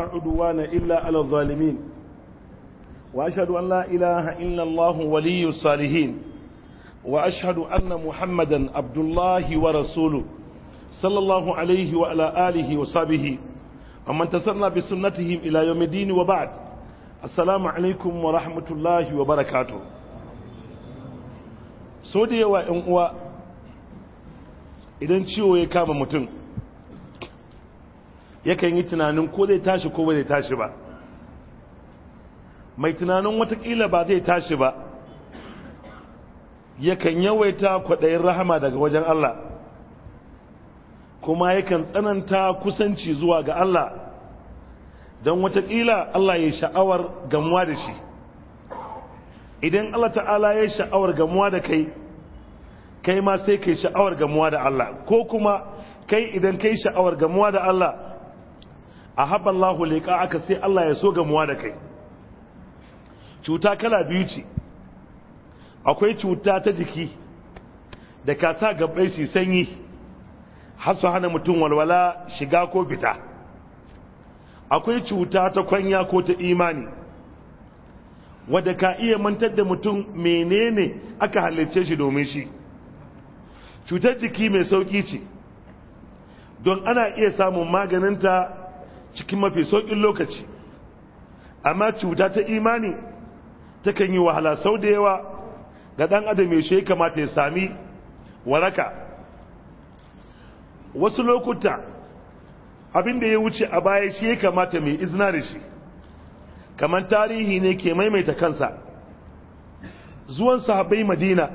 عدوان إلا على الظالمين وأشهد أن لا إله إلا الله ولي الصالحين وأشهد أن محمدا عبد الله ورسوله صلى الله عليه وعلى آله وصحبه ومن تسرنا بسنتهم إلى يوم الدين وبعد السلام عليكم ورحمة الله وبركاته سوديا وإنقوى إذن شيء يكام متنق yakan yi tunanin ko zai tashi ko ba zai tashi ba mai tunanin watakila ba zai tashi ba yakan yawaita kwaɗayin rahama daga wajen Allah kuma yakan tsananta kusanci zuwa ga Allah don watakila Allah ya sha'awar gamuwa da shi idan Allah ta'ala ya sha'awar gamuwa da kai kai ma sai kai sha'awar gamuwa da Allah ko kuma kai idan kai sha'awar gamuwa da Allah A lahu leƙa aka sai Allah ya so gamuwa da kai cuta kala biyu ce akwai cuta ta jiki da ka sa gabbai su sanyi har su hana mutum walwala shiga ko fita akwai cuta ta kwanya ko ta imani wadda ka iya mantar da mutum menene aka halarce shi domin shi cutar jiki mai sauƙi ce don ana iya samun maganinta cikin mafi sauƙin lokaci amma cuta ta imani ta kan yi wahala sau da yawa ga ɗan adam yaushe ya kamata ya sami waraka wasu lokuta abin da ya wuce a baya shi ya kamata mai izina da shi kamar tarihi ne ke maimaita kansa zuwan sahabbai madina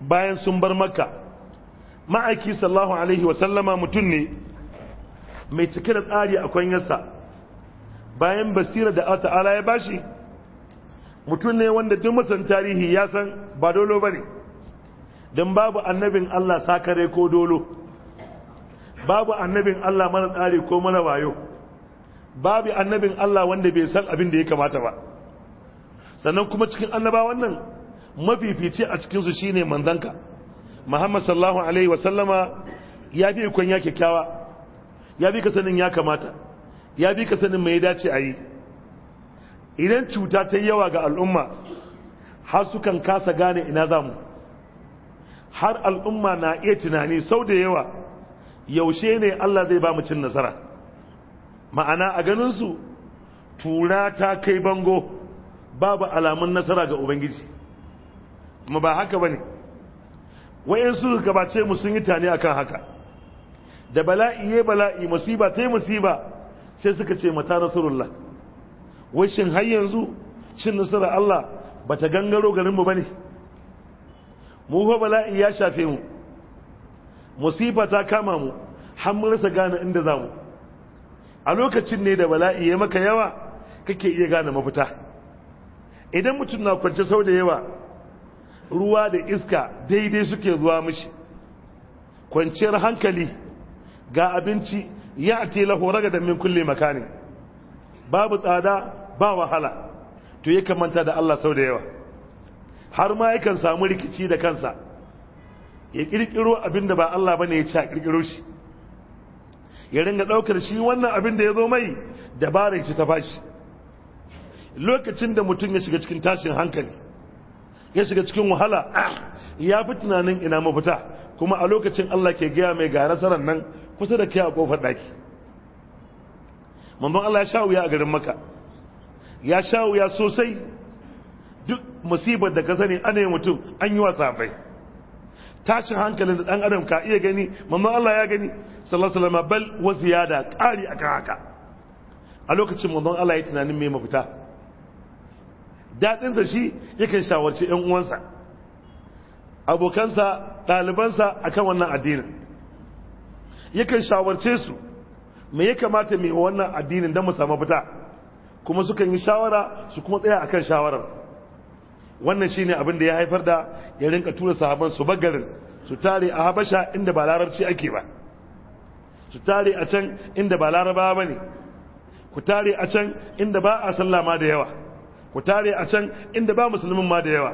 bayan sun bar makka ma'aiki sallahu alaihi wasallama mutum ne mai cike da tsari a kwanyarsa bayan basira da Allah ta'ala ya bashi mutum ne wanda duk masan tarihi ya san ba dolo ba ne don babu annabin Allah sakare ko dolo babu annabin Allah mana tsari ko mana wayo babu annabin Allah wanda bai san abin da ya kamata ba sannan kuma cikin annaba wannan mafifici a cikinsu shine manzanka Muhammad sallallahu alaihi wasallama ya fi kwanya kyakkyawa ya bi ka sanin ya kamata ya bi ka sanin mai dace a yi idan cuta ta yawa ga al'umma har sukan kasa gane ina zamu har al'umma na iya tunani sau da yawa yaushe ne Allah zai ba mu cin nasara ma'ana a ganinsu tura ta kai bango babu alamun nasara ga ubangiji kuma ba haka ba ne wa'yansu gabace mu sun yi tani akan haka da bala'i ya bala'i musiba ta yi musiba sai suka ce mata nasarullah wai shin har yanzu cin nasarar Allah ba ta gangaro garinmu ba ne mu fa bala'i ya shafe mu musiba ta kama mu har mun gane inda za mu a lokacin ne da bala'i ya maka yawa kake iya gane mafita idan mutum na kwance sau da yawa ruwa da iska daidai suke zuwa mishi kwanciyar hankali ga abinci ya ce lahu da min kulle makani babu tsada ba wahala to ya kamanta da Allah sau da yawa har ma yakan samu rikici da kansa ya kirkiro abin da ba Allah bane ya ci a kirkiro shi ya ringa daukar shi wannan abin da ya zo mai dabarar shi ta bashi lokacin da mutum ya shiga cikin tashin hankali ya shiga cikin wahala ya fi tunanin ina mafita kuma a lokacin Allah ke gaya mai ga nasarar nan kusa da kai a kofar daki mamban Allah ya sha wuya a garin maka ya sha wuya sosai duk musibar da ka sani ana yi mutum an yi wa safai tashin hankalin da dan adam ka iya gani mamman Allah ya gani sallallahu alaihi bal ya da ƙari akan haka a lokacin mamman Allah ya tunanin me mafita dadin sa shi yakan shawarci ƴan uwansa abokansa ɗalibansa akan wannan addinin yakan shawarce su me ya kamata mai wannan addinin don mu samu fita kuma sukan yi shawara su kuma tsaya akan shawarar wannan shine abin da ya haifar da ya rinka tura sahaban su bagarin su tare a habasha inda ba larabci ake ba su tare a can inda ba laraba ba ne ku tare a can inda ba a sallah ma da yawa ku tare a can inda ba musulmin ma da yawa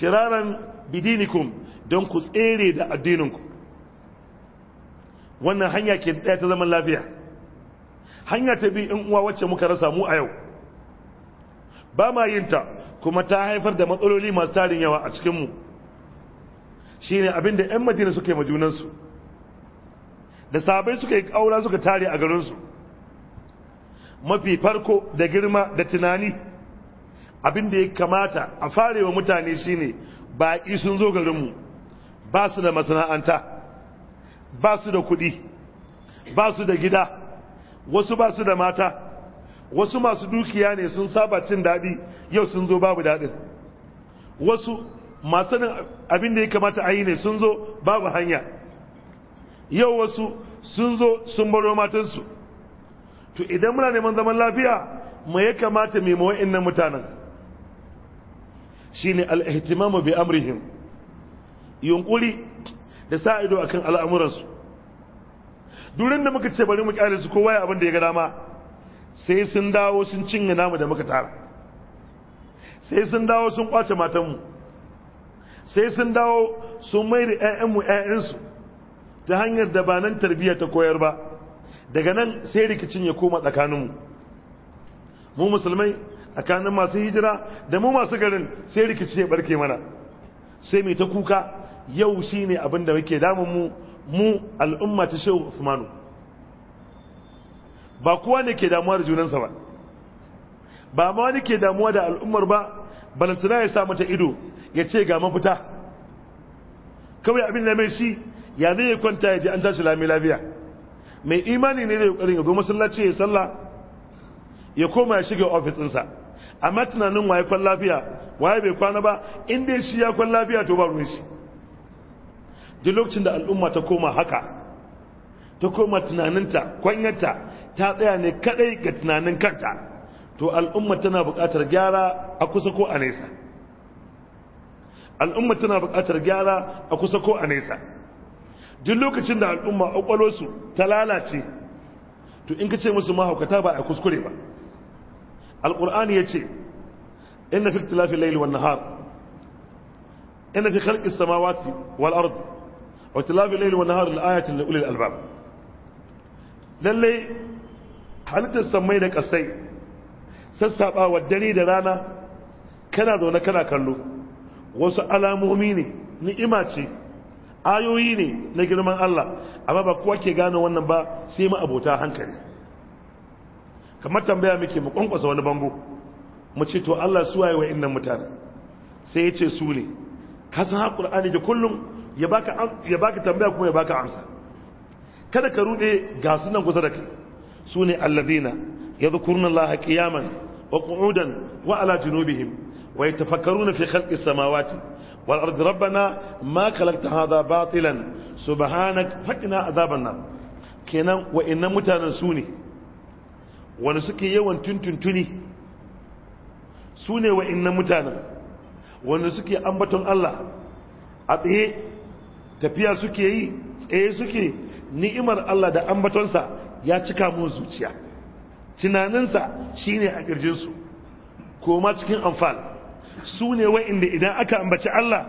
shiraran bidinikum don ku tsere da addininku wannan hanya ke daya ta zaman lafiya hanya ta bi in uwa wacce muka rasa mu a yau ba ma yin ta kuma ta haifar da matsaloli masu tarin yawa a cikin mu shine abin da yan madina suka yi ma junan su da sabai suka yi kaura suka tare a garin su mafi farko da girma da tunani abin da ya kamata a farewa mutane shine baƙi sun zo garinmu ba su da masana'anta ba su da kuɗi ba su da gida wasu ba su da mata wasu masu dukiya ne sun saba cin daɗi yau sun zo babu daɗin wasu masu abin da ya kamata a yi ne sun zo babu hanya yau wasu sun zo sun baro matansu to idan muna neman zaman lafiya ma ya kamata mai mawa'in mutanen shine al al'ihtimamu bi amrihim yunkuri da sa ido akan al'amuransu durin da muka ce bari mu kyale su kowa abinda abin da ya gada ma sai sun dawo sun cinye namu da muka tara sai sun dawo sun kwace matanmu sai sun dawo sun mai da 'ya'yanmu 'ya'yansu ta hanyar da ba nan tarbiyya ta koyar ba daga nan sai rikicin ya koma tsakaninmu mu musulmai tsakanin masu hijira da mu masu garin sai rikici ya barke mana sai mai ta kuka yau shi ne abinda wake damun mu mu al'umma ta shehu usmanu ba kowa ne ke damuwa da junansa ba ba ma wani ke damuwa da al'ummar ba balantana ya sa mata ido ya ce ga mafita kawai abin da mai shi ya zai ya kwanta ya ji an tashi lami lafiya mai imani ne zai ƙarin ya zo masallaci ya sallah ya koma ya shiga ofis ɗinsa amma tunanin waye kwan lafiya waye bai kwana ba in dai shi ya kwan lafiya to ba ruwan shi duk lokacin da al'umma ta koma haka ta koma tunaninta kwanyarta ta tsaya ne kadai ga tunanin kanta to al'umma tana buƙatar gyara a kusa ko a nesa al'umma tana buƙatar gyara a kusa ko a nesa duk lokacin da al'umma ƙwaƙwalwarsu ta lalace to in ka ce musu mahaukata ba a kuskure ba alƙur'ani ya ce inna fi tilafi laili wa nahar inna fi khalqi samawati wal ardi وتلاف الليل والنهار الآية لأولي الألباب da حالة sassaɓawa, dare da rana, kana رانا كنا دون كنا كلو وسألا مؤمني نئماتي ayoyi ne na girman Allah amma ba kowa ke gane wannan ba sai ma abota hankali kamar tambaya muke mu kwankwasa wani bango mu ce to Allah su waye wa'annan mutane sai ya ce su ne ka san Qur'ani da kullum ya baka tambaya kuma ya baka amsa kada ka rude ga sunan kusa da kai su ne allazina yadhkuruna allaha qiyaman wa qu'udan wa ala junubihim wa yatafakkaruna fi khalqi samawati Wa ardi rabbana ma khalaqta hadha batilan subhanak faqina adhaban nar kenan wa innan mutanen su ne wani suke yawan tuntuntuni su ne wa innan mutanen wani suke ambaton Allah a tsaye tafiya suke yi tsaye suke ni'imar Allah da ambatonsa ya cika mu zuciya tunaninsa shine a kirjinsu koma cikin amfan su ne wa'inda idan aka ambaci Allah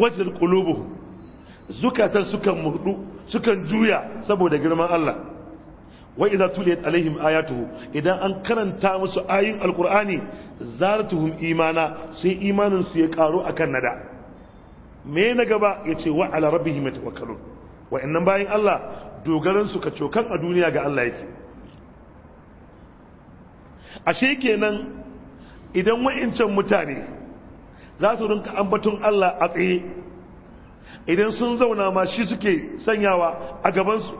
wajen kulubu zukatan sukan murdu sukan juya saboda girman Allah wa idza tuliyat alaihim ayatuhu idan an karanta musu ayin alqur'ani zartuhum imana sai imanin su ya karo akan nada me na gaba ya ce wa ala wakalu in nan bayan Allah dogaran su ka cokan a duniya ga Allah yake ashe kenan idan wa'incan mutane za su rinka ambaton Allah a tsaye idan sun zauna ma shi suke sanyawa a gabansu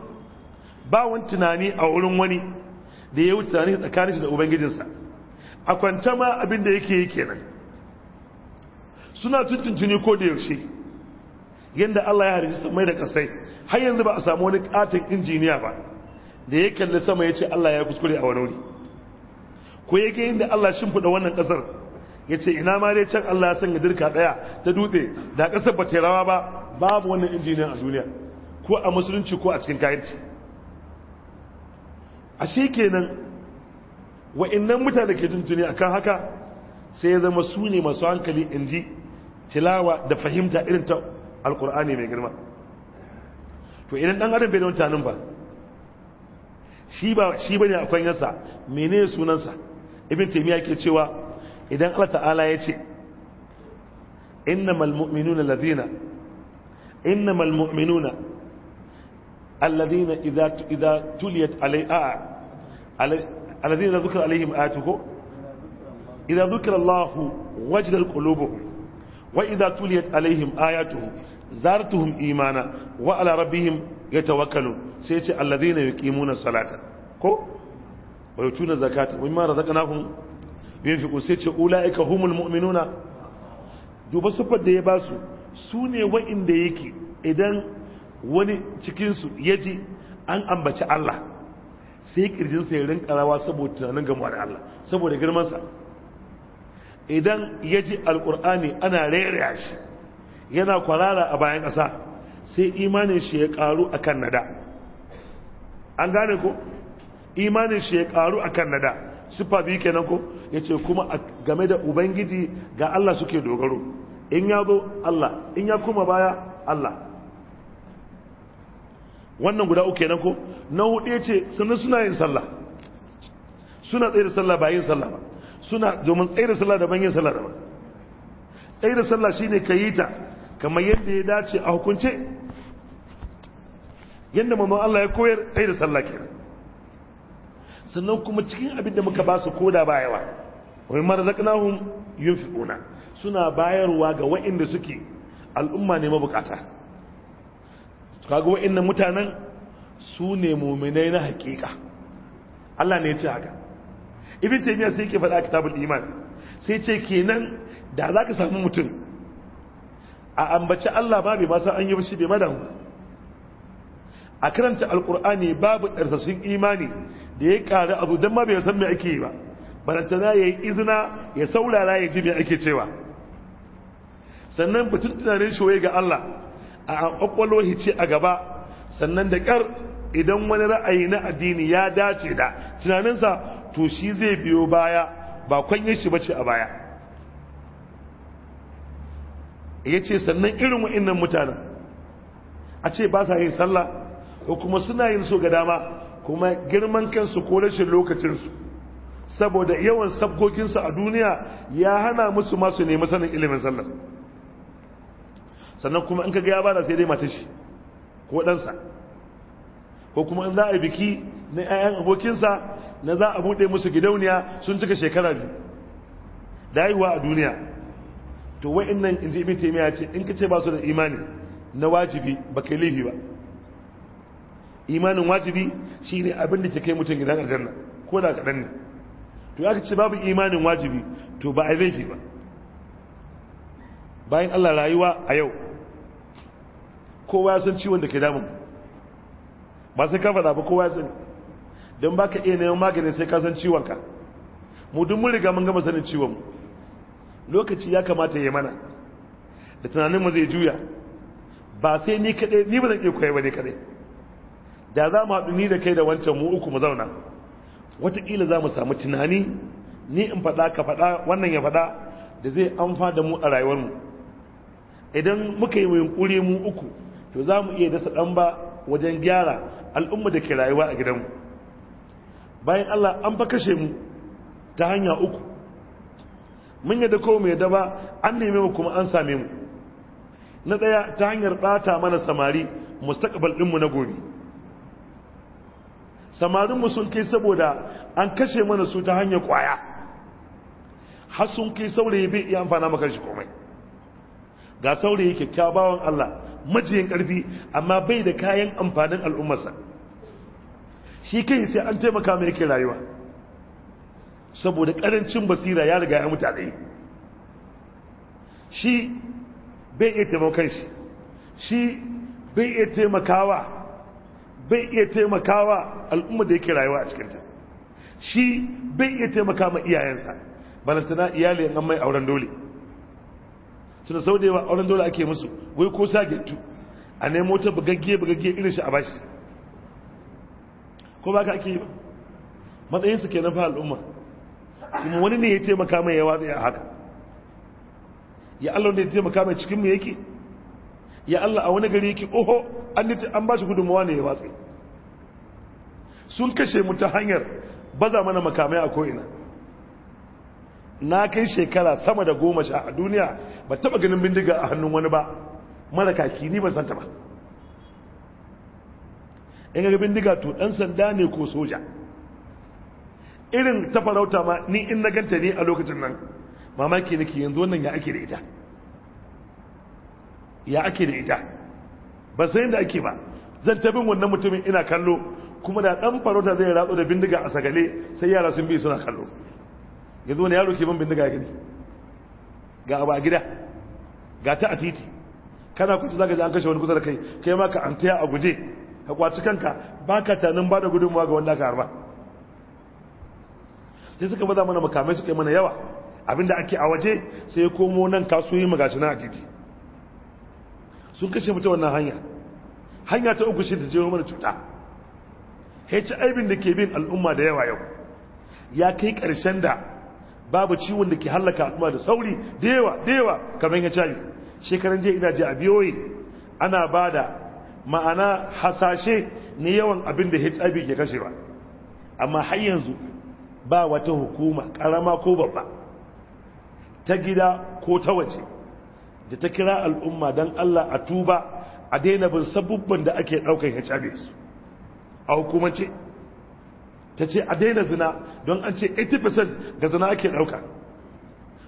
ba wani tunani a wurin wani da ya wuce tunani tsakanin shi da ubangijinsa a kwance ma abin da yake yi kenan suna tuntun tuntuntuni ko da yaushe yadda Allah ya halicci mai da kasai har yanzu ba a samu wani katin injiniya ba da ya kalli sama ya ce Allah ya kuskure a wani wuri ko ya ga yadda Allah shimfiɗa wannan ƙasar ya ce ina ma dai can Allah ya sanya dirka ɗaya ta dutse da ƙasar ba rawa ba babu wannan injiniyan a duniya ko a musulunci ko a cikin kayanci a shi kenan wa'annan mutane ke tuntuni akan haka sai ya zama su ne masu hankali in ji tilawa da fahimta irin ta alkur'ani mai girma to idan dan adam bai da wancanin ba shi ba shi bane akwai yansa menene sunansa ibn taymiya cewa idan Allah ta'ala ya ce innamal mu'minuna allazina innamal mu'minuna allazina idza idza tuliyat alayha allazina dhukira alaihim ayatuhu dhukira qulubuhum wa idza tuliyat alaihim ayatuhu zartuhum imana wa ala rabbihim yatawakkalun sai ce alladhina yuqimuna salata ko wa yutuna zakata wa mimma razaqnahum yunfiqun sai ce ulaika humul mu'minuna duba su da ya basu su ne wa'inda yake idan wani cikinsu ya ji an ambaci Allah sai sa ya rinka rawa saboda tunanin gamuwa da Allah saboda girmansa idan ya ji alƙur'ani ana rera shi yana kwarara a bayan ƙasa sai imanin shi ya ƙaru a kan nada an gane ko imanin shi ya ƙaru a kan nada siffa biyu kenan ko ya ce kuma game da ubangiji ga allah suke dogaro in ya zo allah in ya kuma baya allah wannan guda uku kenan ko na hudu ce sannan suna yin sallah suna tsaye da sallah ba yin sallah ba suna domin tsayar sallah daban yin sallah ba tsayar sallah shine ka yi ta kamar yadda ya dace a hukunce yadda mamman Allah ya koyar tsayar sallah ke. sannan kuma cikin abin da muka ba su koda ba yawa wai mara zaƙinahun yin fi'una suna bayarwa ga wa'inda suke al'umma ne mabukata kaga nan mutanen su ne muminai na hakika Allah ne ya ce haka ibn taymiya sai yake faɗa kitabul iman sai ce kenan da za ka samu mutum a ambaci Allah ba bai ba san an yi shi bai madan a karanta alqur'ani babu darsasin imani da ya karu abu dan ma bai san me ake yi ba ya yi izina ya saurara ya ji me ake cewa sannan batun tunanin shi ga Allah a kwakwalwar hice a gaba sannan da kar idan wani ra'ayi na addini ya dace da tunaninsa to shi zai biyo baya ba kwanye shi bace a baya ya ce sannan irin wa'innan mutanen a ce ba sa yin sallah ko kuma suna yin so ga dama kuma girman kansu ko rashin lokacinsu saboda yawan sabgoginsu a duniya ya hana musu masu nemi sanin ilimin sallah sannan kuma in kaga ya bada sai dai mace shi ko ɗansa ko kuma in za a biki na 'ya'yan abokinsa na za a buɗe musu gidauniya sun cika shekara biyu da haihuwa a duniya to wa'annan in ji ibi taymiya ce in ka ce ba su da imani na wajibi ba kai laifi ba imanin wajibi shine abin da ke kai mutum gidan aljanna ko da kaɗan ne to ya ce babu imanin wajibi to ba a laifi ba bayan Allah rayuwa a yau kowa ya san ciwon da ke damun ba sai ka faɗa ba kowa ya sani don baka iya neman maganin sai kasan san ciwonka mu dun mun riga mun gama sanin ciwon lokaci ya kamata ya mana da tunanin mu zai juya ba sai ni kadai ni ba zan iya koyar ba ne kadai da za mu haɗu ni da kai da wancan mu uku mu zauna watakila za mu samu tunani ni in faɗa ka faɗa wannan ya faɗa da zai amfa da mu a mu idan muka yi mu yunƙuri mu uku to za mu iya dasa ɗan ba wajen gyara al'umma da ke rayuwa a gidanmu bayan Allah an fa kashe mu ta hanya uku mun yadda ko mai daba ba an neme mu kuma an same mu na ɗaya ta hanyar ɓata mana samari mustaqbal ɗinmu na gobe mu sun kai saboda an kashe mana su ta hanyar ƙwaya har sun kai saurayi bai iya amfana maka shi komai ga saurayi kyakkyawan Allah majiyin ƙarfi amma bai da kayan amfanin al'ummarsa shi kai sai an taimaka mai yake rayuwa saboda karancin basira ya riga ya mutu a ɗaya shi bai iya taimakon shi shi bai iya taimakawa bai iya taimakawa al'umma da yake rayuwa a cikinta shi bai iya taimaka ma iyayensa balantana iyali an mai auren dole suna sau da yawa auren dole ake musu wai ko sa gintu a nemo ta bugagge bugagge irin shi a bashi ko ba ka ake yi matsayinsu ke na fa al'umma kuma wani ne ya taimaka makamai ya watsa a haka ya Allah ne ya taimaka mai cikinmu yake ya Allah a wani gari yake oho an ba shi gudunmawa ne ya watsa sun kashe mu ta hanyar baza mana makamai a ko'ina na kai shekara sama da goma sha a duniya ba taba ganin bindiga a hannun wani ba mara kaki ni ban santa ba in ga bindiga to dan sanda ne ko soja irin ta farauta ma ni in na ganta ne a lokacin nan mamaki nake yanzu wannan ya ake da ita ya ake da ita ba sai da ake ba zan tabin wannan mutumin ina kallo kuma da dan farauta zai ratso da bindiga a sagale sai yara sun bi suna kallo yanzu wani yaro ke min bindiga gani ga abu a gida ga ta a titi kana kuce zaka ji an kashe wani kusa da kai kai ma ka antaya a guje ka kwaci kanka ba ka tanin ba da gudunmuwa ga wanda ka harba sai suka baza mana makamai suka yi mana yawa abinda ake a waje sai ya komo nan yi magashi na a titi sun kashe mutu wannan hanya hanya ta uku shi ta jewa mana cuta hiv da ke bin al'umma da yawa yau ya kai karshen da babu ciwon da ke hallaka al'umma da sauri da yawa da yawa kamar yin hiv shekaran jiya ina je a biyoyi ana ba da ma'ana hasashe ne yawan abin da hiv ke kashewa amma har yanzu ba wata hukuma karama ko babba ta gida ko ta waje da ta kira al'umma don allah a tuba a daina bin sabubban da ake daukan hiv a hukumance ta ce a daina zina don an ce 80% ga zina ake dauka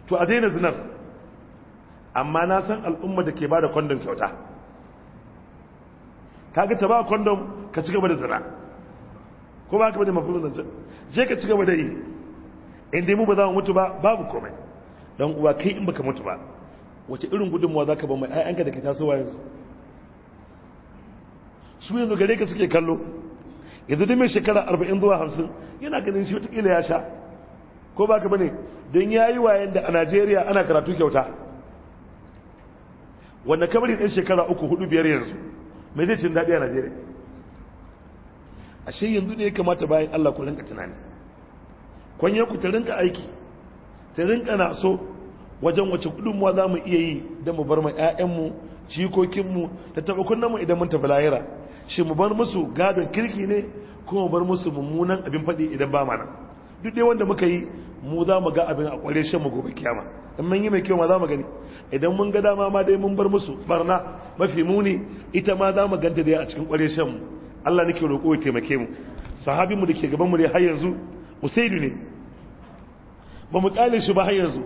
to a daina zinar amma na san al'umma da ke ba da kwandon kyauta kaga ta ba kondom ka ci gaba da zina ko ba ka bada mafulun zancen je ka ci gaba da yi inda mu ba za mu mutu ba babu komai dan uwa kai in baka mutu ba wace irin gudunmuwa za ka ba mai ka da taso tasowa yanzu su yanzu gare ka suke kallo yanzu da mai shekara arba'in zuwa hamsin yana ganin shi watakila ya sha ko ba ka bane don ya yi wayan da a najeriya ana karatu kyauta wanda kamar ɗan shekara uku hudu biyar yanzu mai zai cin daɗi a najeriya ashe yanzu ne ya kamata bayan allah ku rinka tunani kwanye ku ta rinka aiki ta rinka na so wajen wace gudunmuwa za mu iya yi don mu bar ma 'ya'yanmu cikokinmu ta da mu idan mun tafi lahira shi mu bar musu gadon kirki ne kuma mu bar musu mummunan abin faɗi idan ba mana duk dai wanda muka yi mu za mu ga abin a kware shan mu gobe kiyama in mun yi mai kyau ma za mu gani idan mun ga dama ma dai mun bar musu barna mafi muni ita ma za mu ganta dai a cikin kware shan mu Allah nake roƙo ya taimake mu sahabin mu dake gaban mu dai har yanzu Usaidu ne ba mu kale shi ba har yanzu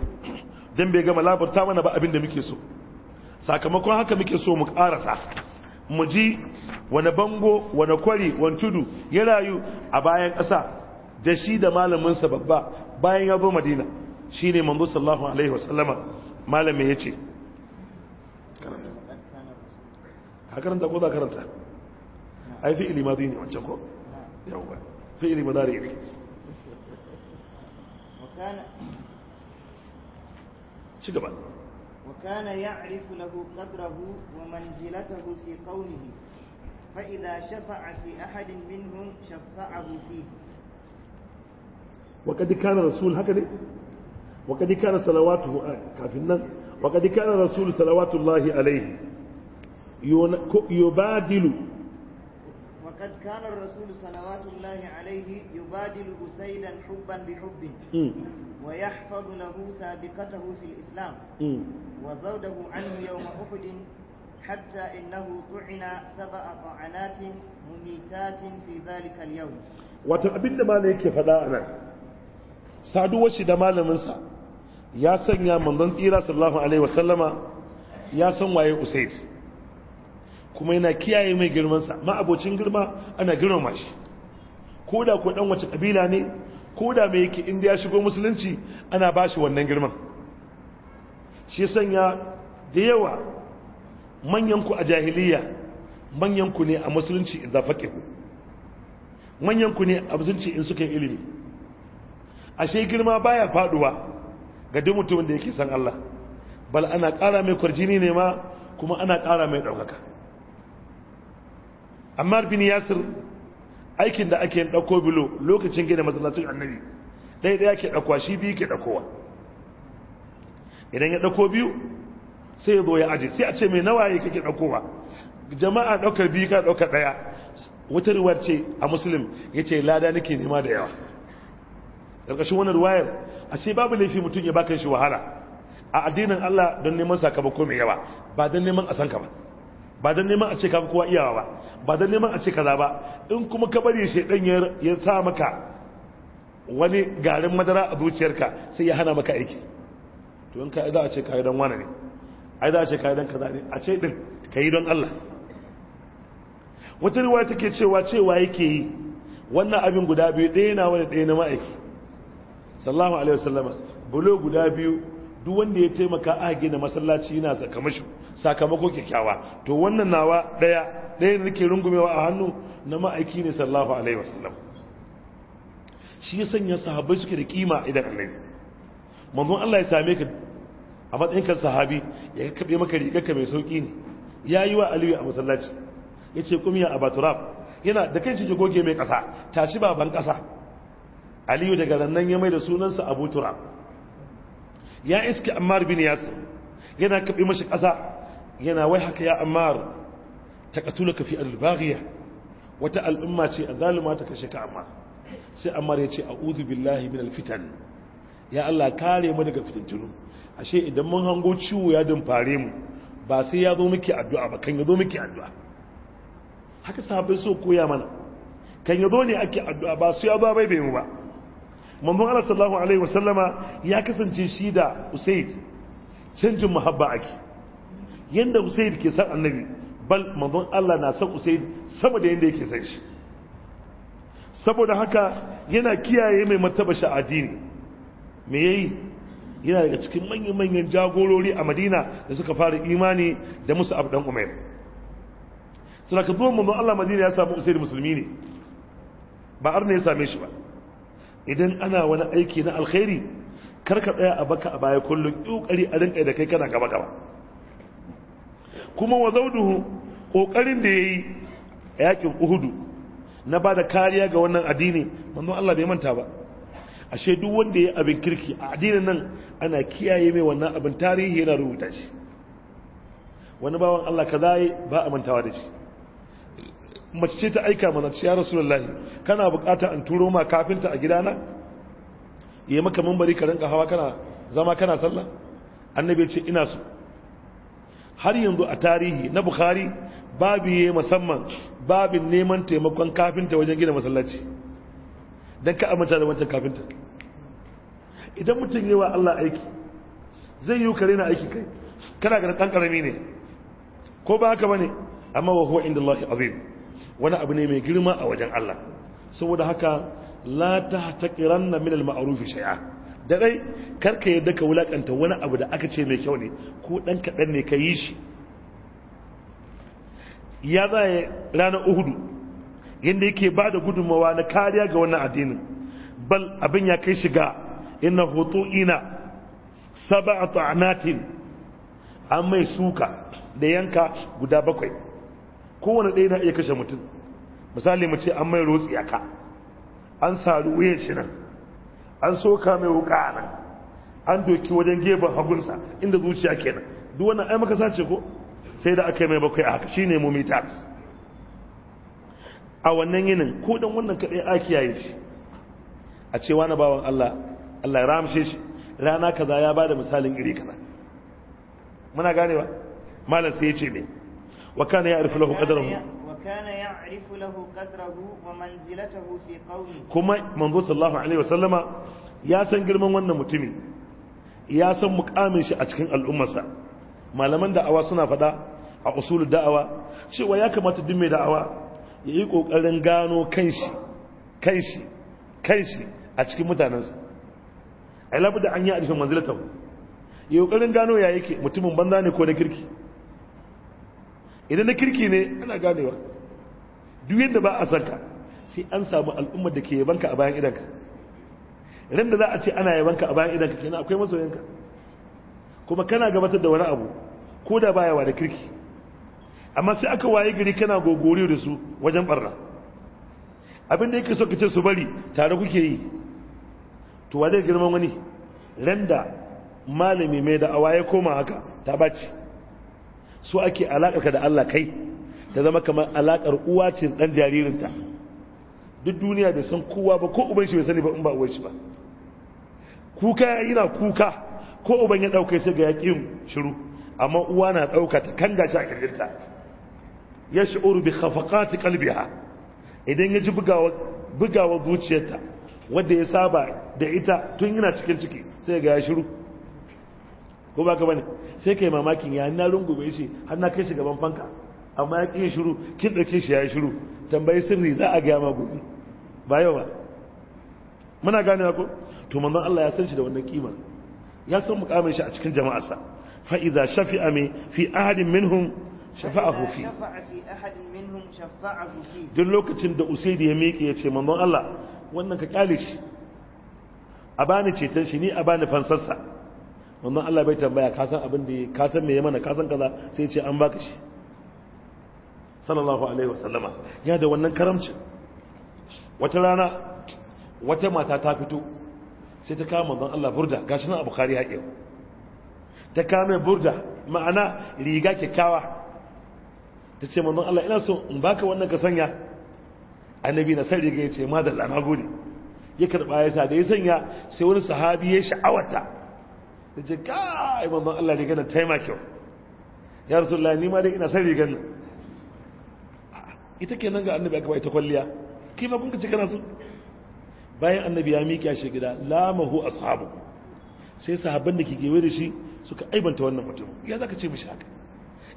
dan bai gama labarta mana ba abin da muke so sakamakon haka muke so mu karasa mu ji wani bango wani kwari wani tudu ya rayu a bayan ƙasa da shi da malaminsa babba bayan ya zo madina shi ne manzo sallahu alaihi wasallama malamin ya ce karanta ko za karanta ai fi'ili ma ne wancan ko yawwa fi ma zari ne ci gaba وكان يعرف له قدره ومنزلته في قومه فإذا شفع في أحد منهم شفعه فيه wa kadi kana rasul haka ne wa kadi kana salawatu kafin nan wa kadi kana rasul salawatullahi alaihi yubadilu وقد كان الرسول صلوات الله عليه يبادل أسيدا حبا بحبه ويحفظ له سابقته في الإسلام وزوده عنه يوم أحد حتى إنه طعن سبع طعنات مميتات في ذلك اليوم وتعبد ما ليك فداءنا saduwar shi da malaminsa ya sanya manzon tsira sallallahu alaihi wasallama ya san waye usaid kuma yana kiyaye mai girmansa ma abocin girma ana girmama shi ko da ko dan wace kabila ne ko da mai yake inda ya shigo musulunci ana ba shi wannan girman shi sanya da yawa manyan ku a jahiliya manyan ku ne a musulunci ku. Manyan ku ne a musulunci in suka yi ilimi ashe girma baya faduwa ga duk mutumin da yake san Allah bal ana ƙara mai kwarjini ne ma kuma ana ƙara mai ɗaukaka amma bin yasir aikin da ake ɗauko bilo lokacin gina masallacin annabi ɗaya ɗaya ke ɗaukowa shi biyu ke ɗaukowa idan ya ɗauko biyu sai ya zo ya aje sai a ce mai nawa ya kake ɗaukowa jama'a ɗaukar biyu ka ɗaukar ɗaya wutarwar ce a musulun ya ce lada nake nema da yawa karkashin wannan ruwayar ce babu laifi mutum ya baka shi wahala a addinin Allah don neman sakamako mai yawa ba don neman a san ka ba ba don neman a ce ka kowa iyawa ba ba don neman a ce kaza ba in kuma ka bari shaidan ya sa maka wani garin madara a zuciyarka sai ya hana maka aiki to in ka za a ce yi don wani ne yi za a ce yi don kaza ne a ce din ka yi don Allah wata riwaya take cewa cewa yake yi wannan abin guda biyu ɗaya na wani ɗaya na ma'aiki sallallahu alaihi wasallama bulo guda biyu duk wanda ya taimaka a gina masallaci yana sakamashi sakamako kyakkyawa to wannan nawa daya daya nake rungumewa a hannu na ma'aiki ne sallallahu alaihi wasallam shi ya sanya sahabbai suke da kima idan annabi manzo Allah ya same ka a matsayin kan sahabi ya kabe maka ka mai sauki ne yayi wa aliyu a masallaci yace kuma ya abaturab yana da kai shi goge mai kasa tashi baban kasa aliyu daga rannan ya mai da sunansa abu tura ya iske ammar bin yasir yana kaɓe mashi ƙasa yana wai haka ya ammar ta katula ka fi albaghiya wata al'umma ce a zalima ta kashe ka ammar sai ammar ya ce uzu billahi min alfitan ya Allah kare mu daga fitintunu ashe idan mun hango ciwo ya dumfare mu ba sai ya zo miki addu'a ba kan ya zo miki addu'a haka sahabbai so koya mana kan ya zo ne ake addu'a ba su ya bai bai mu ba manzon Allah sallallahu alaihi wasallama ya kasance shi da Usaid canjin muhabba ake yanda Usaid ke san annabi bal manzon Allah na san Usaid sama da yanda yake san shi saboda haka yana kiyaye mai mataba sha'adi ne me yayi yana daga cikin manyan manyan jagorori a Madina da suka fara imani da musu abdan Umair sai ka zo manzon Allah Madina ya samu Usaid musulmi ne ba ne ya same shi ba idan ana wani aiki na alkhairi karka tsaya a baka a baya kullum kokari a rinka da kai kana gaba gaba kuma wa zauduhu kokarin da yayi yakin uhudu na bada kariya ga wannan addini manzo Allah bai manta ba ashe duk wanda ya abin kirki a addinin nan ana kiyaye mai wannan abin tarihi yana rubuta shi wani bawan Allah kaza ba a mantawa da shi mace ce ta aika mana ya rasulullahi kana bukata an turo ma kafinta a gidana yayi maka mambari ka rinka hawa kana zama kana sallah annabi ya ce ina so har yanzu a tarihi na bukhari babu yayi musamman babin neman taimakon kafinta wajen gina masallaci dan ka amince da wancan kafinta idan mutum yi wa Allah aiki zai yi kare na aiki kai kana ga dan karami ne ko ba haka bane amma wa huwa inda azim wani abu ne mai girma a wajen Allah saboda haka la ta tahtaqiranna min al-ma'ruf shay'a da dai karka yadda ka wulakanta wani abu da aka ce mai kyau ne ko ɗan kaɗan ne ka yi shi ya zaya ranar uhudu yadda yake ba da gudunmawa na kariya ga wannan addinin bal abin ya kai shiga ina hoto ina a anatin an mai suka da yanka guda bakwai kowane ɗaya na iya kashe mutum misali mu ce an mai rotsi a ka an saru wuyan shi nan an soka mai wuka a nan an doki wajen gefen hagunsa inda zuciya kenan duk wannan ai maka sace ko sai da aka yi mai bakwai a haka shine mummy tax a wannan yinin ko dan wannan kadai a kiyaye shi a cewa na bawan Allah Allah ya ramshe shi rana kaza ya bada misalin iri kaza muna ganewa malam sai ya ce me وكان يعرف له قدره وكان يعرف له قدره ومنزلته في قومه كما منذ صلى الله عليه وسلم يا سن girman wannan mutumi ya san mukamin shi a cikin al'ummarsa malaman da'awa suna fada a usul da'awa cewa ya kamata duk mai da'awa ya yi kokarin gano kanshi kanshi kanshi a cikin mutanensa ai labu da an yi a cikin manzilatahu ya yi kokarin gano ya yake mutumin banza ne ko da kirki idan na kirki ne ana ganewa duk yadda ba a sanka sai an samu al'ummar da ke yabanka a bayan idanka ran da za a ce ana yabanka a bayan idanka kenan akwai masoyanka kuma kana gabatar da wani abu ko da baya wa da kirki amma sai aka waye gari kana gogori da su wajen barra abin da yake so ka ce su bari tare kuke yi to wa zai girman wani randa malami mai da awaye koma haka ta bace su ake ka da Allah kai ta zama kamar alaƙar uwa ce ɗan jaririnta duk duniya bai san kowa ba ko uban shi bai sani ba in ba uwa shi ba kuka yana kuka ko uban ya ɗauka sai ga yaƙin shiru amma uwa na ɗauka ta kan gashi a kirjinta ya shi'uru bi khafaqati qalbiha idan ya ji bugawa bugawa zuciyarta wanda ya saba da ita tun yana cikin ciki sai ga ya shiru ko ba ka bane sai kai mamakin ya na bai ce har na kai shi gaban fanka amma ya ƙi shiru kin ɗauke shi ya yi shiru tambayi sirri za a gaya ma gobe ba yau ba muna gane ko to manzon Allah ya san shi da wannan kima ya san mukamin shi a cikin sa fa idza shafi'a mi fi ahadin minhum shafa'ahu fi duk lokacin da usaidi ya miƙe ya ce manzon Allah wannan ka kyale shi a bani ceton shi ni a bani fansarsa wannan Allah bai tambaya ka san abin da ya ka san me ya mana ka san kaza sai ya ce an baka shi sallallahu alaihi wasallama ya da wannan karamci. wata rana wata mata ta fito sai ta kama manzon Allah burda gashi nan Abukari ya haƙe ta kama burda ma'ana riga kyakkyawa ta ce manzon Allah ina so in baka wannan ka sanya annabi na sai riga ya ce ma da gode ya karba ya sa da ya sanya sai wani sahabi ya sha'awata da ce kai mamman Allah ne nan ta ya rasu Allah ni ma dai ina san rigan nan ita ke nan ga annabi aka bai ta kwalliya kai ma kun ka ci kana su bayan annabi ya miƙe shi gida lamahu ashabu sai sahabban da ke gewe da shi suka aibanta wannan mutum ya zaka ce mishi haka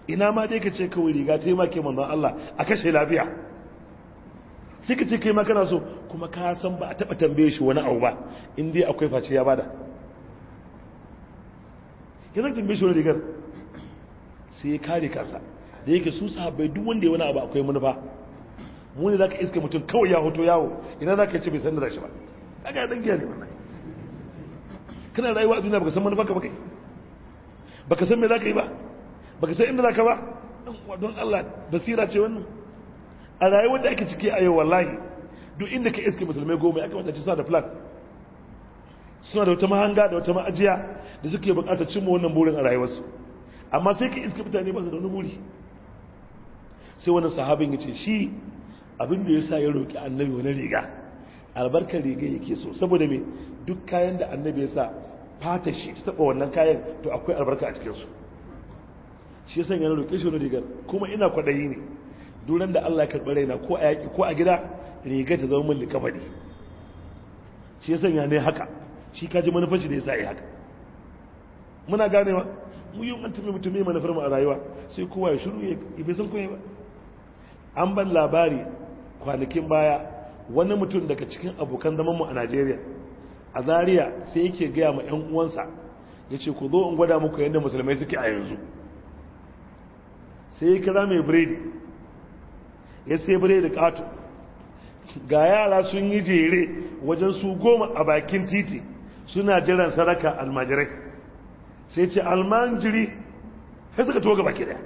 ina ma dai ka ce kawai riga ta yi manzon Allah a kashe lafiya sai ka ce kai ma kana so kuma ka san ba a taɓa tambaye shi wani abu ba in dai akwai face ya bada ya zan tambaye shi wani rigar sai ya kare kansa da yake su sahabbai duk wanda ya wani abu akwai manufa mu ne za ka iska mutum kawai ya hoto yawo idan za ka ce bai san da shi ba kaga dan giya ne wannan kana rayuwa a duniya baka san manufarka ba kai baka san me za ka yi ba baka san inda za ka ba don Allah basira ce wannan a rayuwar da ake ciki a yau wallahi duk inda ka iska musulmai goma ya kamata ci sa da plan suna da wata mahanga da wata ma'ajiya da suke bukatar cimma wannan burin a rayuwarsu amma sai ka iska mutane ba su da wani buri sai wani sahabin ya ce shi abin da ya sa ya roƙi annabi wani riga albarkar riga yake so saboda me duk kayan da annabi ya sa fata shi ta taɓa wannan kayan to akwai albarka a cikinsu shi ya sanya roƙe shi wani rigar kuma ina kwaɗayi ne duran da Allah ya karɓi raina ko a yaƙi ko a gida riga ta zama min likafani shi ya sanya ne haka shi kaji manufar shi da ya sa haka muna ganewa mu yi mutum mutum mai manufar mu a rayuwa sai kowa ya shiru ya bai san koyi ba an ban labari kwanakin baya wani mutum daga cikin abokan zaman mu a Najeriya a Zariya sai yake gaya ma 'yan uwansa yace ku zo in gwada muku yadda musulmai suke a yanzu sai ya kira mai biredi ya sai biredi kato ga yara sun yi jere wajen su goma a bakin titi suna jiran sadaka almajirai sai ce almanjiri sai suka toga baki daya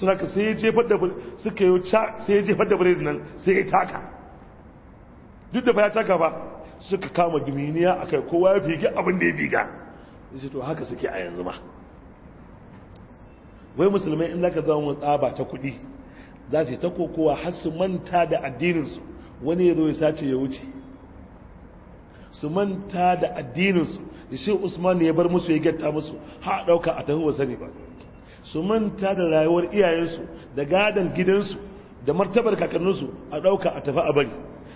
sadaka sai ya jefar da suka yi sai ya jefar da birnin nan sai ya taka duk da ba ya taka ba suka kama duminiya a kai kowa ya fige abin da ya biga sai to haka suke a yanzu ma wai musulmai in zaka zama tsaba ta kuɗi za su yi ta kokowa har su manta da addininsu wani ya zo ya sace ya wuce su manta da addininsu da shi usman ya bar musu ya gyatta musu ha ɗauka a tafi sani ba su manta da rayuwar iyayensu da gadon gidansu da martabar kakanninsu a ɗauka a tafi a bari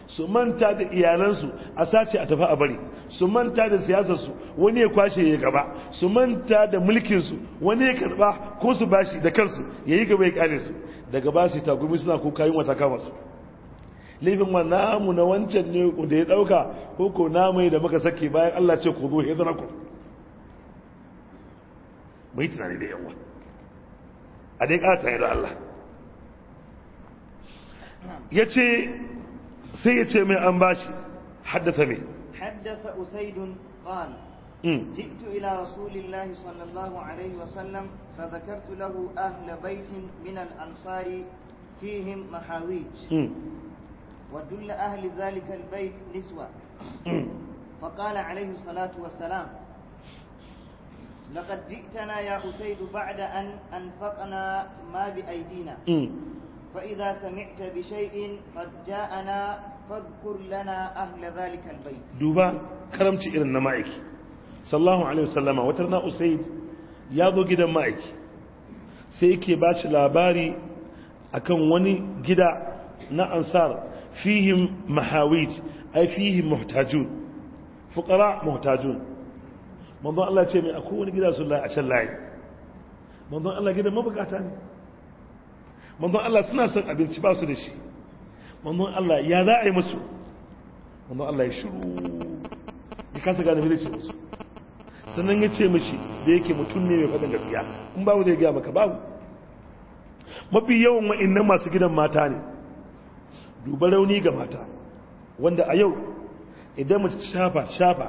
su manta da iyalansu a sace a tafi a bari su manta da siyasarsu wani ya kwashe ya gaba su manta da mulkinsu wani ya karɓa ko su bashi da kansu ya yi gaba ya kare su daga ba su tagumi suna kuka yin wata kama su laifin ma namu na wancan ne da ya dauka ko ko namu da muka sake bayan Allah ce ku zo he mu mai tunani da yawa a dai ka tare da Allah yace sai yace mai an bashi haddasa mai haddasa usaidun qan جئت إلى رسول الله صلى الله عليه وسلم فذكرت له أهل بيت من الأنصار فيهم محاويج ودل أهل ذلك البيت نسوة فقال عليه الصلاة والسلام لقد جئتنا يا أسيد بعد أن أنفقنا ما بأيدينا فإذا سمعت بشيء قد جاءنا فاذكر لنا أهل ذلك البيت دوبا كرمت إلى النمائك صلى الله عليه وسلم وترنا أسيد يا ذو جدا مائك سيكي باش لاباري akan wani gida na ansar فيهم محاويج أي فيهم محتاجون فقراء محتاجون من منذ الله جميع أكون قد رسول الله عشان من منذ الله قد ما بقى تاني منذ الله سنة سنة أبين تباس لشي منذ الله يا ذاعي مسو منذ الله يشرو يكاسا قانا مليش مسو sannan ya ce mashi da yake mutum ne mai faɗin gaskiya in babu zai gaya maka babu mafi yawan wa'in masu gidan mata ne duba rauni ga mata wanda a yau idan mace shafa shafa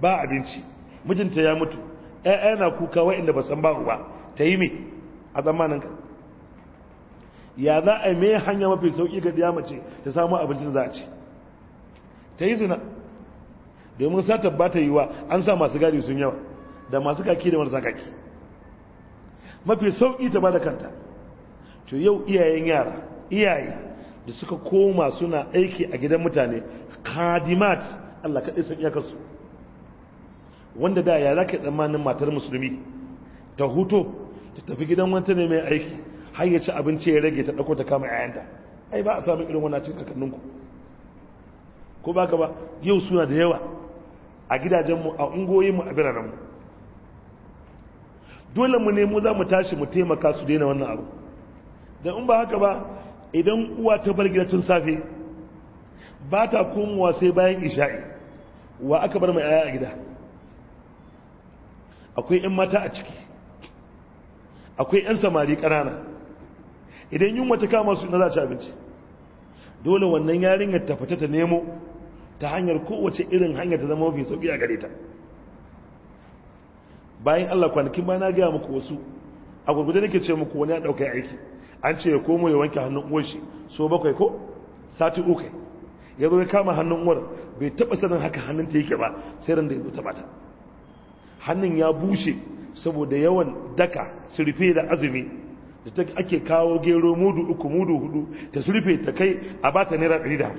ba abinci mijinta ya mutu ƴaƴa na kuka inda ba san ba uba ta yi me a tsammanin ka ya za a mai hanya mafi sauƙi ga ɗiya mace ta samu abincin za a ci ta yi zina domin sata ba ta yiwa an sa masu gadi sun yawa da masu kaki da marasa kaki mafi sauƙi ta ba da kanta to yau iyayen yara iyaye da suka koma suna aiki a gidan mutane kadimat Allah kaɗai san iyakarsu wanda da ya zaka tsammanin matar musulmi ta hutu ta tafi gidan wanta ne mai aiki har ya ci abinci ya rage ta ɗauko ta kama yayanta ai ba a samun irin wannan cikin kakanninku ko ba ka ba yau suna da yawa a gidajenmu a ungoyinmu a biranenmu dole mu ne mu za mu tashi mu taimaka su daina wannan abu da in ba haka ba idan uwa ta bar gida tun safe ba ta komowa sai bayan isha'i wa aka bar mai aya a gida akwai 'yan mata a ciki akwai 'yan samari ƙanana idan yunwa ta kama su na za ci abinci dole wannan yarinyar ta fita ta nemo ta hanyar kowace irin hanyar ta zama mafi sauƙi a gare ta bayan allah kwanakin ba na gaya muku wasu a gurgudu nake ce muku wani ya ɗauka aiki an ce ya komo ya wanke hannun uwar shi so bakwai ko sati uku ya zo ya kama hannun uwar bai taba sanin haka hannun ta yake ba sai ran da ya taba hannun ya bushe saboda yawan daka surfe da azumi da ta ake kawo gero mudu uku mudu hudu ta surfe ta kai a bata naira 150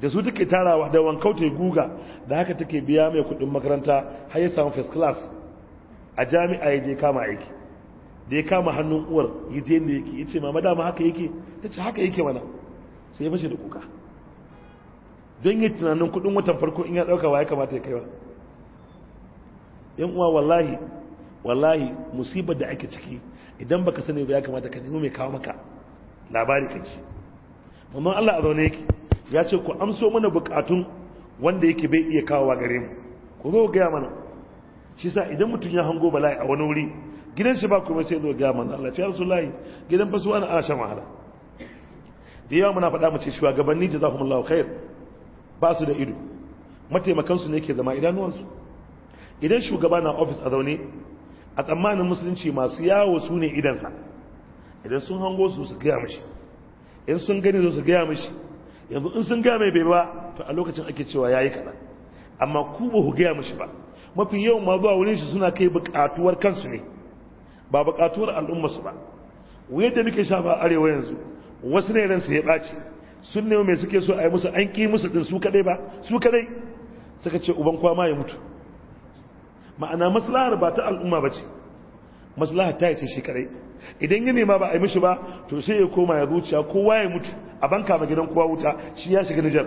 da su take tarawa da ya guga da haka take biya mai kudin makaranta har ya samu first class a jami'a ya je kama aiki da ya kama hannun uwar ya je ne yake ya ce ma madama haka yake ta ce haka yake mana sai ya fashe da kuka don yi tunanin kudin watan farko in ya dauka wa ya kamata ya kaiwa yan uwa wallahi wallahi musibar da ake ciki idan baka sani ba ya kamata ka nemi mai kawo maka labari ka ci mamman Allah a zaune yake ya ce ku amso mana bukatun wanda yake bai iya kawo wa gare mu ku zo gaya mana shi sa idan mutum ya hango bala'i a wani wuri gidan shi ba kuma sai zo ga manzo Allah ya rasulullahi gidan fasu ana wani shan wahala da yawa muna faɗa mu ce shugabanni jazakumullahu khair ba su da ido mataimakan su ne ke zama su. idan shugaba na office a zaune a tsammanin musulunci masu yawo su ne idansa idan sun hango su su gaya mishi in sun gani su su gaya mishi yanzu in sun gaya mai bai ba to a lokacin ake cewa yayi kaɗan amma ku ba ku gaya mishi ba mafi yawan ma zuwa wurin shi suna kai bukatuwar kansu ne ba buƙatuwar su ba wuyar da muke shafa arewa yanzu wasu ne ransu ya ɓaci sun nemi mai suke so a yi musu an ƙi musu ɗin su kaɗai ba su kaɗai suka ce uban kwama ya mutu ma'ana maslahar ba ta al'umma ba ce maslahar ta ce shi kaɗai idan yi nema ba a yi mishi ba to sai ya koma ya zuciya kowa ya mutu a banka ma gidan kowa wuta shi ya shiga nijar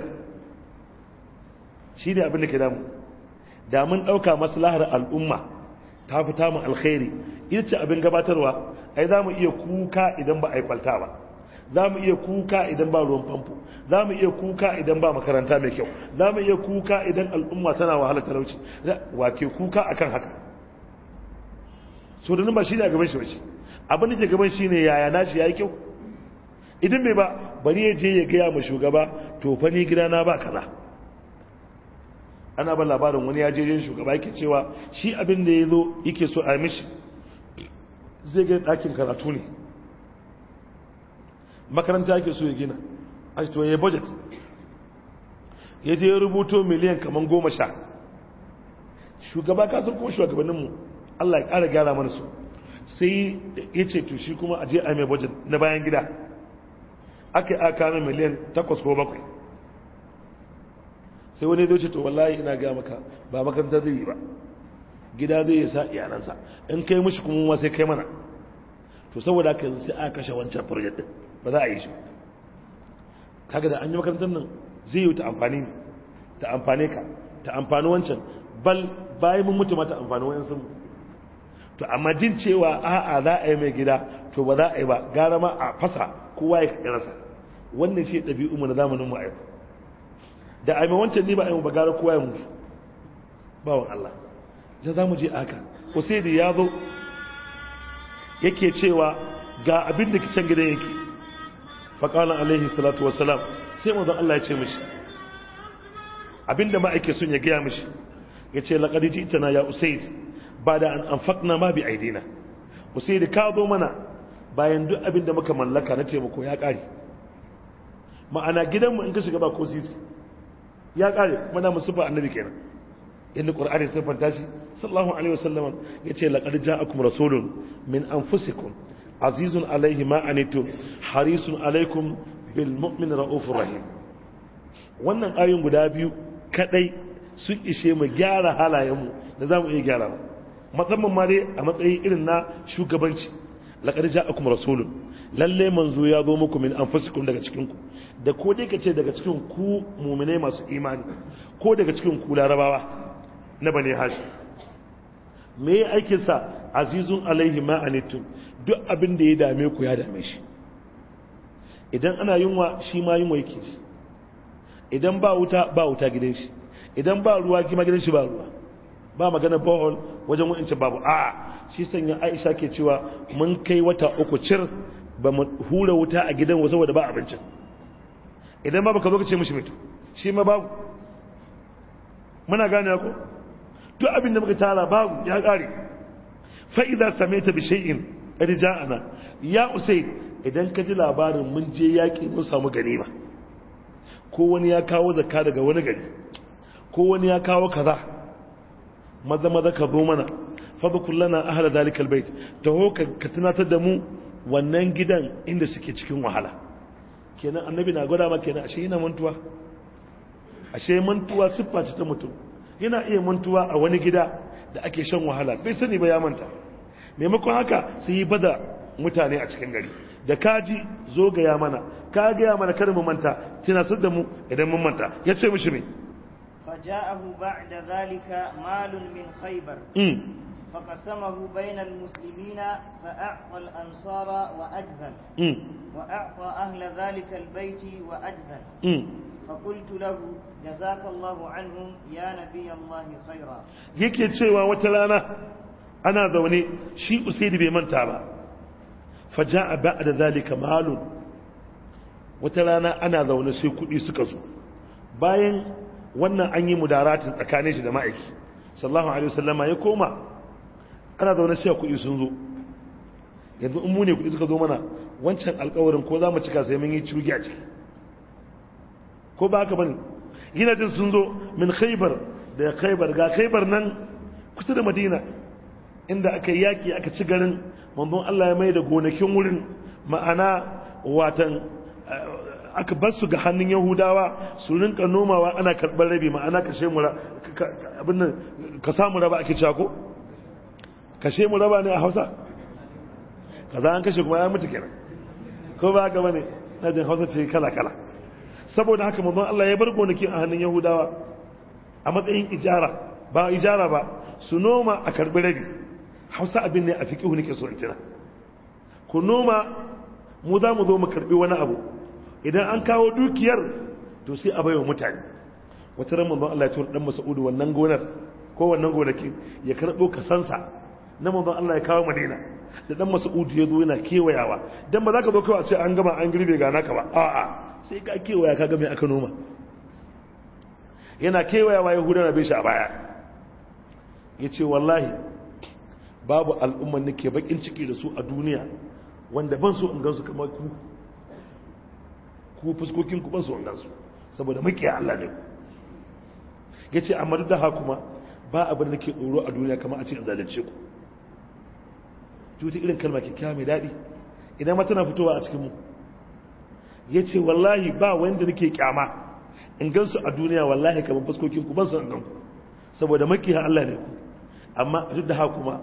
shi ne abin da ke damu da mun ɗauka maslahar al'umma ta fita tamu alkhairi ita ce abin gabatarwa ai za mu iya kuka idan ba a yi kwalta ba za mu iya kuka idan ba ruwan famfo za mu iya kuka idan ba makaranta mai kyau za mu iya kuka idan al'umma tana wahala talauci wake kuka akan haka so da ba shi ne a gaban shi ba shi. abin da ke gaban shi ne yaya shi? ya yi kyau idan bai ba bari ya je ya gaya ma shugaba to fa ni gidana ba kaza ana ba labarin wani ya je shugaba yake cewa shi abin da ya zo yake so a mishi zai ga ɗakin karatu ne makaranta yake so ya gina a to ya budget ya je rubuto miliyan kamar goma sha shugaba kasar kuma shugabanninmu allah ya ƙara gyara mana su sai ya ce to shi kuma a je a mai budget na bayan gida aka yi aka miliyan takwas ko bakwai sai wani zai ce to wallahi ina ga maka ba makaranta zai yi ba gida zai yi sa iyalansa in kai mushi kuma ma sai kai mana to saboda haka yanzu sai aka kashe wancan project din ba za a yi shi kaga da an yi makarantar nan zai yi ta amfani ta amfane ka ta amfani wancan bal bayan mun mutu ma ta amfani wayansu to amma jin cewa a'a za a yi mai gida to ba za a yi ba gara ma a fasa kowa ya kaɗi rasa wannan shi ɗabi'u mu na zamanin mu a yau da a wancan ne ba a yi ba gara kowa ya mutu bawan Allah da za mu je aka usaidi ya zo yake cewa ga abin da kicin gidan yake faƙalan alaihi salatu wasalam sai mazan Allah ya ce mishi abin da ma'aike sun ya gaya mishi ya ce laƙadiji ita na ya usaid ba da an amfakna ma bi aidina usaid ka zo mana bayan duk abin da muka mallaka na taimako ya ƙari ma'ana gidanmu in ka shiga ba ko sisi ya kare mana musufa annabi kenan inda qur'ani sun fanta shi sallallahu alaihi wasallam yace laqad ja'akum rasulun min anfusikum azizun alaihi ma anitu harisun alaikum bil mu'min raufur rahim wannan ayoyin guda biyu kadai sun ishe mu gyara halayen mu da zamu iya gyara musamman ma dai a matsayin irin na shugabanci laqad ja'akum rasulun lalle manzo ya zo muku min anfusikum daga cikin ku da ko dai kace daga cikin ku mu'minai masu imani ko daga cikin ku larabawa na bane hashi me aikin sa azizun alaihi ma anitu duk abin da ya dame ku ya dame shi idan ana yunwa shi ma yunwa yake shi idan ba wuta ba wuta gidan shi idan ba ruwa gima gidan shi ba ruwa ba magana bohol wajen wa'incin babu a shi sanya aisha ke cewa mun kai wata uku cir ba mu hura wuta a gidan wasu wadda ba abincin idan ba baka zo ka ce mishi mutu shi ma babu muna gane ko duk abin da muka tara babu ya kare fa idza samaita bi shay'in rija'ana ya usay idan ka ji labarin mun je yaki mun samu ganima ko wani ya kawo zakka daga wani gari ko wani ya kawo kaza maza maza ka zo mana fa lana ahla bait albayt taho ka tunatar da mu wannan gidan inda suke cikin wahala kenan annabi na gwada maka kenan ashe yana mantuwa ashe mantuwa siffa ce ta mutum yana iya mantuwa a wani gida da ake shan wahala bai sani ba ya manta maimakon haka sai yi bada mutane a cikin gari da kaji zo gaya mana ka ya mana kada mu manta tana sar da mu idan mun manta ya ce mishi me ja'ahu ba'da zalika malun min khaybar mm. فقسمه بين المسلمين فأعطى الأنصار وأجزل وأعطى أهل ذلك البيت وأجزل فقلت له جزاك الله عنهم يا نبي الله خيرا يكي تشيوا وتلانا أنا ذوني شيء أسيد بمن تابع فجاء بعد ذلك مال وتلانا أنا ذوني شيء كل سكزو باين wannan an yi mudaratin tsakanin shi da ma'aiki sallallahu alaihi wasallama ya koma ana zaune sai kuɗi sun zo yanzu in mune ne kuɗi suka zo mana wancan alkawarin ko za mu cika sai mun yi cugi a ciki ko ba haka bane gidajen sun zo min khaybar da khaybar ga khaybar nan kusa da madina inda aka yaki aka ci garin manzon Allah ya mai da gonakin wurin ma'ana watan eh, aka bar su ga hannun yahudawa su rinka nomawa ana karɓar rabi ma'ana kashe mura, abin nan ka samu raba ake cako kashe mu raba ne a hausa Ka za an kashe kuma ya mutu kenan ko ba ga bane na jin hausa ce kala kala saboda haka manzon Allah ya bar gonaki a hannun yahudawa a matsayin ijara ba ijara ba su noma a karbi rabi hausa abin ne a fiqihu nake so in tira ku noma mu za mu zo mu karbi wani abu idan an kawo dukiyar to sai a baiwa mutane wata ran manzon Allah ya tura dan Mas'ud wannan gonar ko wannan gonakin ya karbo kasansa na mazan Allah ya kawo madina da dan udu ya zo yana kewayawa dan ba za ka zo kawai a ce an gama an girbe ga naka ba a'a sai ka kewaya ka ga aka noma yana kewayawa ya hudana na shi a baya Ya ce wallahi babu al'umman nake bakin ciki da su a duniya wanda ban so in gansu kamar ku ku fuskokin ku ban so in gansu saboda muke Allah ne Ya ce amma duk da haka kuma ba abin da ke tsoro a duniya kamar a ce in zalunce ku tuti irin kalma kyakkyawa mai daɗi idan ma tana fitowa a cikinmu ya ce wallahi ba wanda nake kyama in gansu a duniya wallahi kamar fuskokin ku ban san gan ku saboda ha Allah ne ku amma duk da haka kuma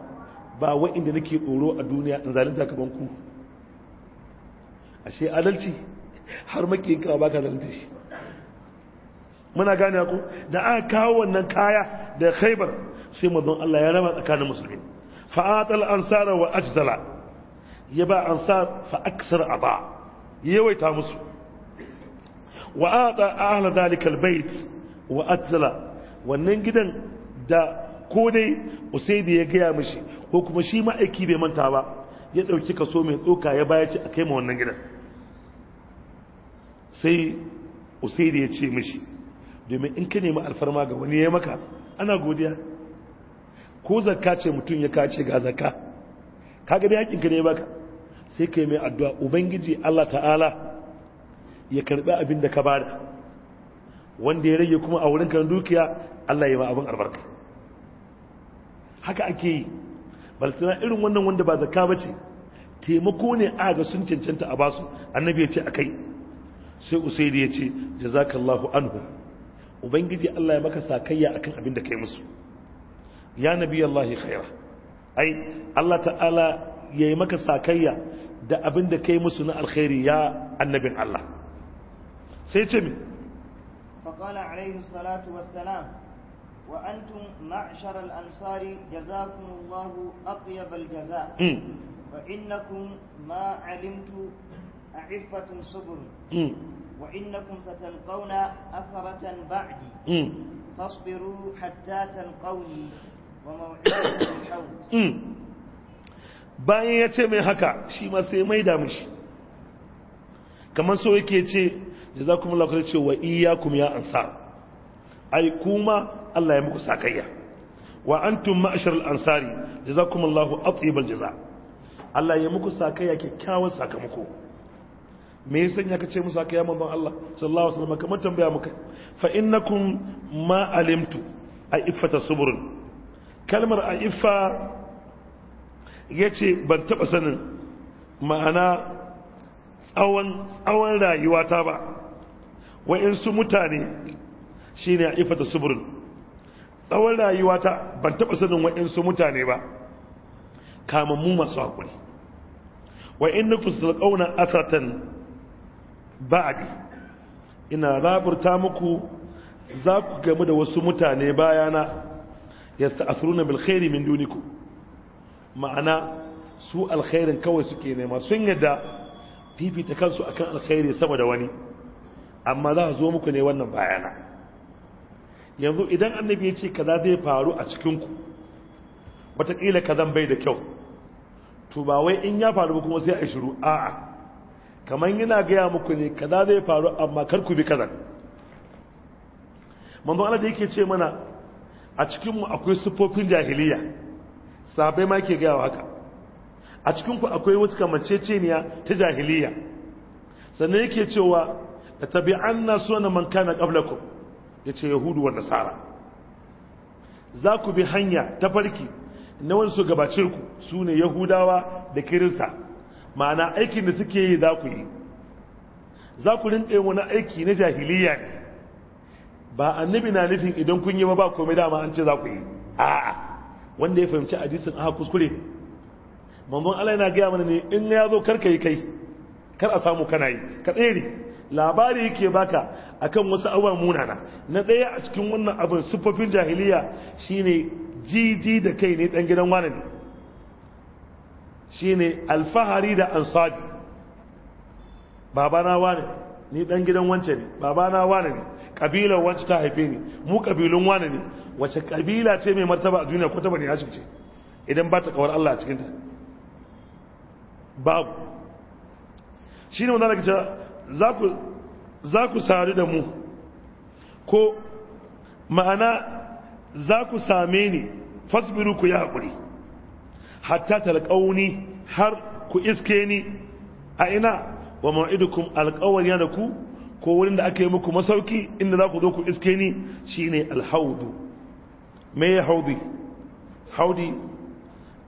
ba wanda nake tsoro a duniya in zalunta kamar ku ashe adalci har makiyin ka baka zalunta shi muna gane ku da aka kawo wannan kaya da Khaibar sai don Allah ya raba tsakanin musulmi fa'atal ansara wa ajdala ya ba ansar fa aksar aba yawaita musu wa aɗa ahla dalika albayt wa ajdala wannan gidan da ko dai usaidi ya gaya mishi ko kuma shi ma'aiki bai manta ba ya ɗauki kaso mai tsoka ya baya ci a kai ma wannan gidan sai usaidi ya ce mishi domin in ka nemi alfarma ga wani ya maka ana godiya ko zakka ce mutum ya kace ga zakka kaga dai hakinka ne baka sai kai mai addu'a ubangiji Allah ta'ala ya karbi abin da ka bada wanda ya rage kuma a wurin kan dukiya Allah ya ma abin albarka haka ake yi balsana irin wannan wanda ba zakka ce, taimako ne a ga sun cancanta a basu annabi ya ce a kai, sai usaidi ya ce jazakallahu anhu ubangiji Allah ya maka sakayya akan abin da kai musu يا نبي الله خيرا أي الله تعالى يمك ساكيا دا أبن دكي da kai musu na alkhairi ya annabin فقال عليه الصلاة والسلام وأنتم معشر الأنصار جزاكم الله أطيب الجزاء فإنكم ما علمت أعفة صبر وإنكم ستلقون أثرة بعدي فاصبروا حتى تلقوني Hmm. bayan ya ce mai haka shi ma sai mai damu shi. kamar so yake ce jazakumullahu khairan ce wa kuma ya ansa. ai kuma Allah ya muku sakayya wa antum ma'asharal ansari jazakumullahu atyibal jaza Allah ya muku sakayya kyakkyawan sakamako me sanya ka ce musa haka yamma ban Allah sallallahu alaihi wasallam kamar tambaya muka fa innakum ma alimtu ai iffata subrun kalmar a ifa ya ce ban taɓa sanin ma'ana tsawon rayuwata ba wa'insu mutane shi ne a ta suburin tsawon rayuwata ban taɓa sanin wa'insu mutane ba kamammu masu haƙuri wa'in nufus da ƙaunar asatan ba'adi ina laburta muku za ku gamu da wasu mutane bayana yasta'siruna bil khairi min dunikum ma'ana su alkhairin kawai suke nema sun yadda fifita kansu akan alkhairi sama da wani amma za zo muku ne wannan bayana yanzu idan annabi ya ce kaza zai faru a cikinku wataƙila kazan bai da kyau to ba wai in ya faru kuma sai a shiru a'a kamar yana gaya muku ne kaza zai faru amma kar ku bi kazan manzo Allah da yake ce mana a cikinmu akwai siffofin jahiliya sabai ma ke gaya haka a cikinku akwai wata kamanceceniya ta jahiliya sannan yake cewa da tabi tabi'an na suna man kana ya ce yahudu wa nasara za ku bi hanya ta farki na wansu gabacin ku ne yahudawa da kirista ma'ana aikin da suke yi za ku yi za ku rinɗe wani aiki na jahiliya ne ba annabi na nufin idan kun yi ba ba komai dama an ce za ku yi a'a wanda ya fahimci hadisin aka kuskure ne Allah yana gaya mana ne in ya zo karka yi kai kar a samu kana yi ka tsere labari yake baka akan wasu abubuwa munana na ɗaya a cikin wannan abin siffofin jahiliya shine jiji da kai ne dan gidan wani ne shine alfahari da ansabi babana wani ne ni dan gidan wance babana wani ne kabilar wacce ta haife ni mu kabilun wane ne wace kabila ce mai martaba a duniya ko ta ne hashim ce idan ba ta kawar Allah a cikinta babu shi ne wanda nake za ku sadu da mu ko ma'ana za ku same ni fasbiru ku yi haƙuri hatta talƙauni har ku iske ni a ina wa ma'idukum alƙawar yana ku ko wurin da aka yi muku masauki inda za ku zo ku iske ni shi ne alhaudu me ya haudi haudi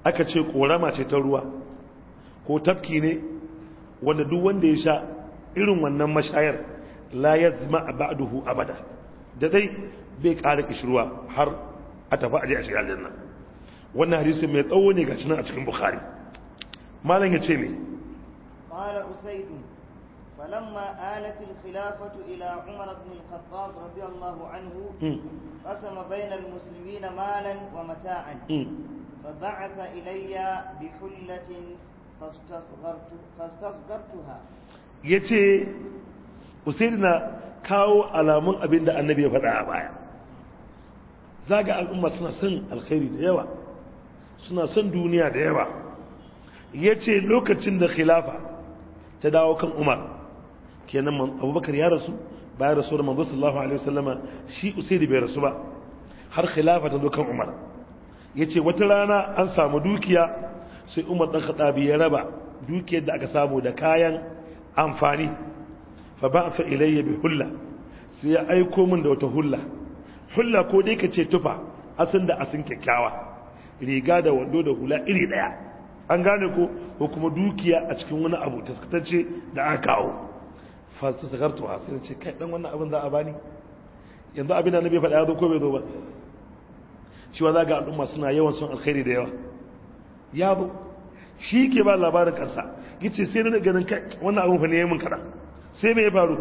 aka ce korama ce ta ruwa ko tafki ne wanda duk wanda ya sha irin wannan mashayar la yazma ba'duhu abada da zai bai ƙara kishirwa har a tafi aje a shiga aljanna wannan hadisi mai tsawo ne ga cinan a cikin bukhari malam ya ce ne فلما آلت الخلافة إلى عمر بن الخطاب رضي الله عنه قسم بين المسلمين مالا ومتاعا فبعث إلي بحلة فاستصغرت فاستصغرتها yace usaid na kawo alamun abin annabi ya faɗa a baya zaga al'umma suna son alkhairi da yawa suna son duniya da yawa yace lokacin da khilafa ta dawo kan umar kenan abubakar ya rasu bayan rasu da manzo sallallahu alaihi wasallama shi usaid bai rasu ba har khilafa ta dokan umar yace wata rana an samu dukiya sai umar dan khatabi ya raba dukiyar da aka samu da kayan amfani fa ba'atha ilayya bi hulla sai ya aiko min da wata hulla hulla ko dai kace tufa asin da asin kyakkyawa riga da wando da hula iri daya an gane ko ko kuma dukiya a cikin wani abu taskatacce da aka kawo fasu zagartu a sai ce kai ɗan wannan abin za a bani yanzu abin da nabi faɗa ya zo ko bai zo ba shi wa ga al'umma suna yawan son alkhairi da yawa ya zo shi ke ba labarin kansa yace sai na ganin kai wannan abin fa ya yi min kada sai me ya faru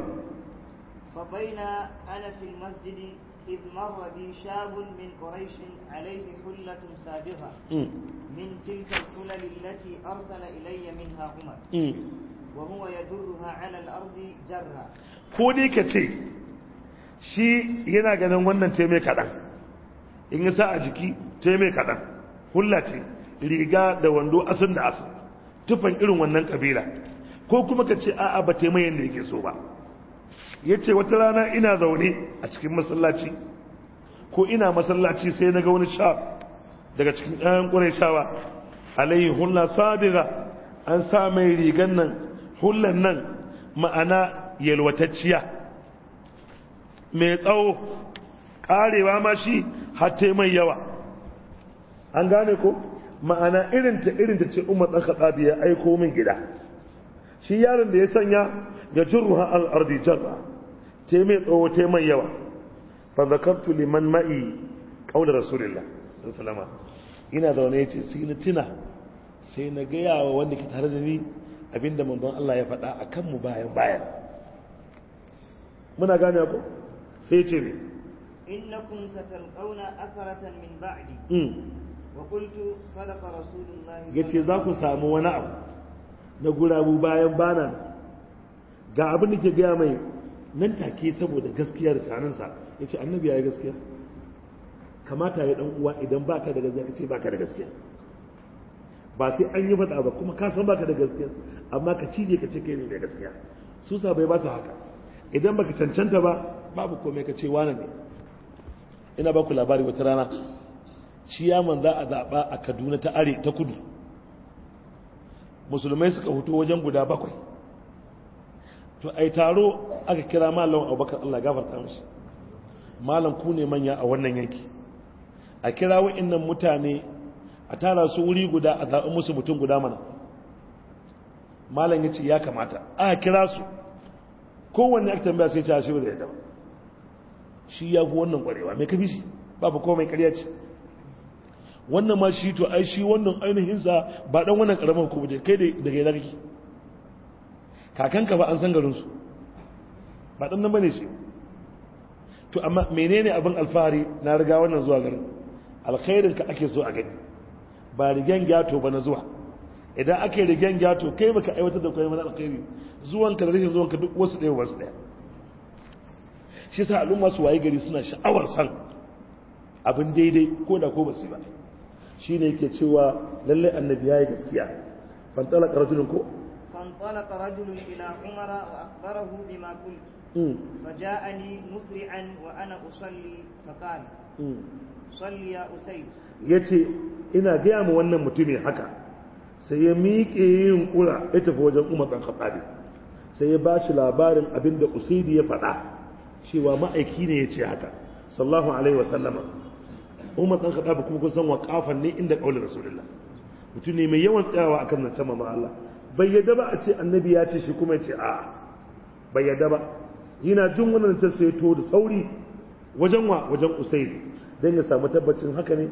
fa baina ana fil masjidi إذ مر بي شاب من قريش عليه حلة سابغة من تلك الحلل التي أرسل إلي منها عمر Ko يدرها ka ce shi yana ganin wannan teme kaɗan in ya sa a jiki teme kaɗan hula ce riga da wando asin da asin tufan irin wannan kabila ko kuma ka ce a'a ba teme yadda yake so ba ya ce wata rana ina zaune a cikin masallaci ko ina masallaci sai na ga wani sha daga cikin ɗayan ƙurai shawa alaihi hula sadira an sa mai rigan nan hullan nan ma'ana yalwatacciya mai tsawo karewa ma shi hatta mai yawa an gane ko ma'ana irinta irinta ce umar ɗan kaɗabi ya aiko min gida shi yaron da ya sanya ya jirruha al'ardi jarra te mai tsawo te mai yawa fa zakartu liman ma'i ƙaunar rasulillah salama ina zaune ya ce sai na tina sai na gaya wa wanda ke tare da ni abinda manzon Allah ya faɗa a kanmu bayan bayan muna gane ko sai ce me innakum satalqawna atharatan min ba'di mm. wa qultu sadaqa rasulullahi yace za ku samu wani abu na gurabu bayan bana ga abin da ke gaya mai nan take saboda gaskiya da tsanansa yace annabi ya yi gaskiya kamata ya dan uwa idan baka da gaskiya ba baka da gaskiya ba sai an yi faɗa ba kuma ka san baka da gaskiya amma ka cije ka ce kai ne da gaskiya su sa bai ba su haka idan baka cancanta ba babu komai ka ce wani ne ina ba ku labari wata rana ciyaman za a zaɓa a kaduna ta are ta kudu musulmai suka hoto wajen guda bakwai to ai taro aka kira malam abubakar allah gafarta masu, malam ku ne manya a wannan yanki a kira wa'annan mutane a tara su wuri guda a zaɓi musu mutum guda mana malam ya ce ya kamata a kira su kowanne aka tambaya sai ce a ah, shirin da ya dama shi ya fi wannan ƙwarewa mai kafi shi babu komai ƙarya ce wannan ma shi to ai shi wannan ainihin sa ba dan wannan ƙaramin ku kai da daga yana kake kakanka ba an san garin su ba dan nan bane shi to amma menene abin alfahari na riga wannan zuwa garin alkhairin ka ake so a gani ba rigen gyato ba na zuwa idan ake rigen gyato kai baka aiwatar da koyi mana alkhairi zuwanka da zuwan zuwanka duk wasu ɗaya wasu ɗaya shi sa al'umma su waye gari suna sha'awar san abin daidai ko da ko basu ba shi ne yake cewa lallai annabi ya yi gaskiya fantala karajulun ko fantala karajulun ila umara wa akbarahu bima kuntu فجاءني مسرعا وانا اصلي فقال salli ya usayd yace ina gaya ma wannan mutumin haka sai ya miƙe yin kura ya tafi wajen umar dan sai ya bashi labarin abin da ya faɗa cewa ma'aiki ne yace haka sallallahu alaihi wasallama umar dan kuma kusan san waqafan ne inda kaulin rasulullah mutum ne mai yawan tsayawa akan nan sama ma Allah bai yadda ba a ce annabi ya ce shi kuma ya ce a bai yadda ba yana jin wannan ta sai to da sauri wajen wa wajen usaid dan ya samu tabbacin haka ne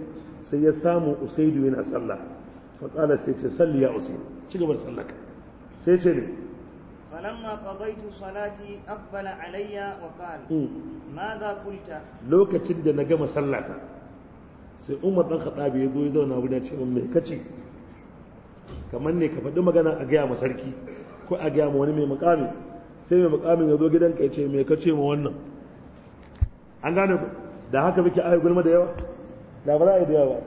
sai ya samu usaidu yana sallah fa qala sai ce salli ya usaid ci gaba sallah sallaka sai ce ne فلما alayya wa أقبل hmm, ma za kulta Lokacin da na gama sallata, sai umar dan khattabi ya zo ya zauna wurin ce mun mai kace kamar ne ka faɗi magana a gaya ma sarki ko a gaya ma wani mai makami sai mai mukamin ya zo gidanka ya ce mai kace ma wannan an gane ku da haka muke ayi gulma da yawa da ba za a yi da yawa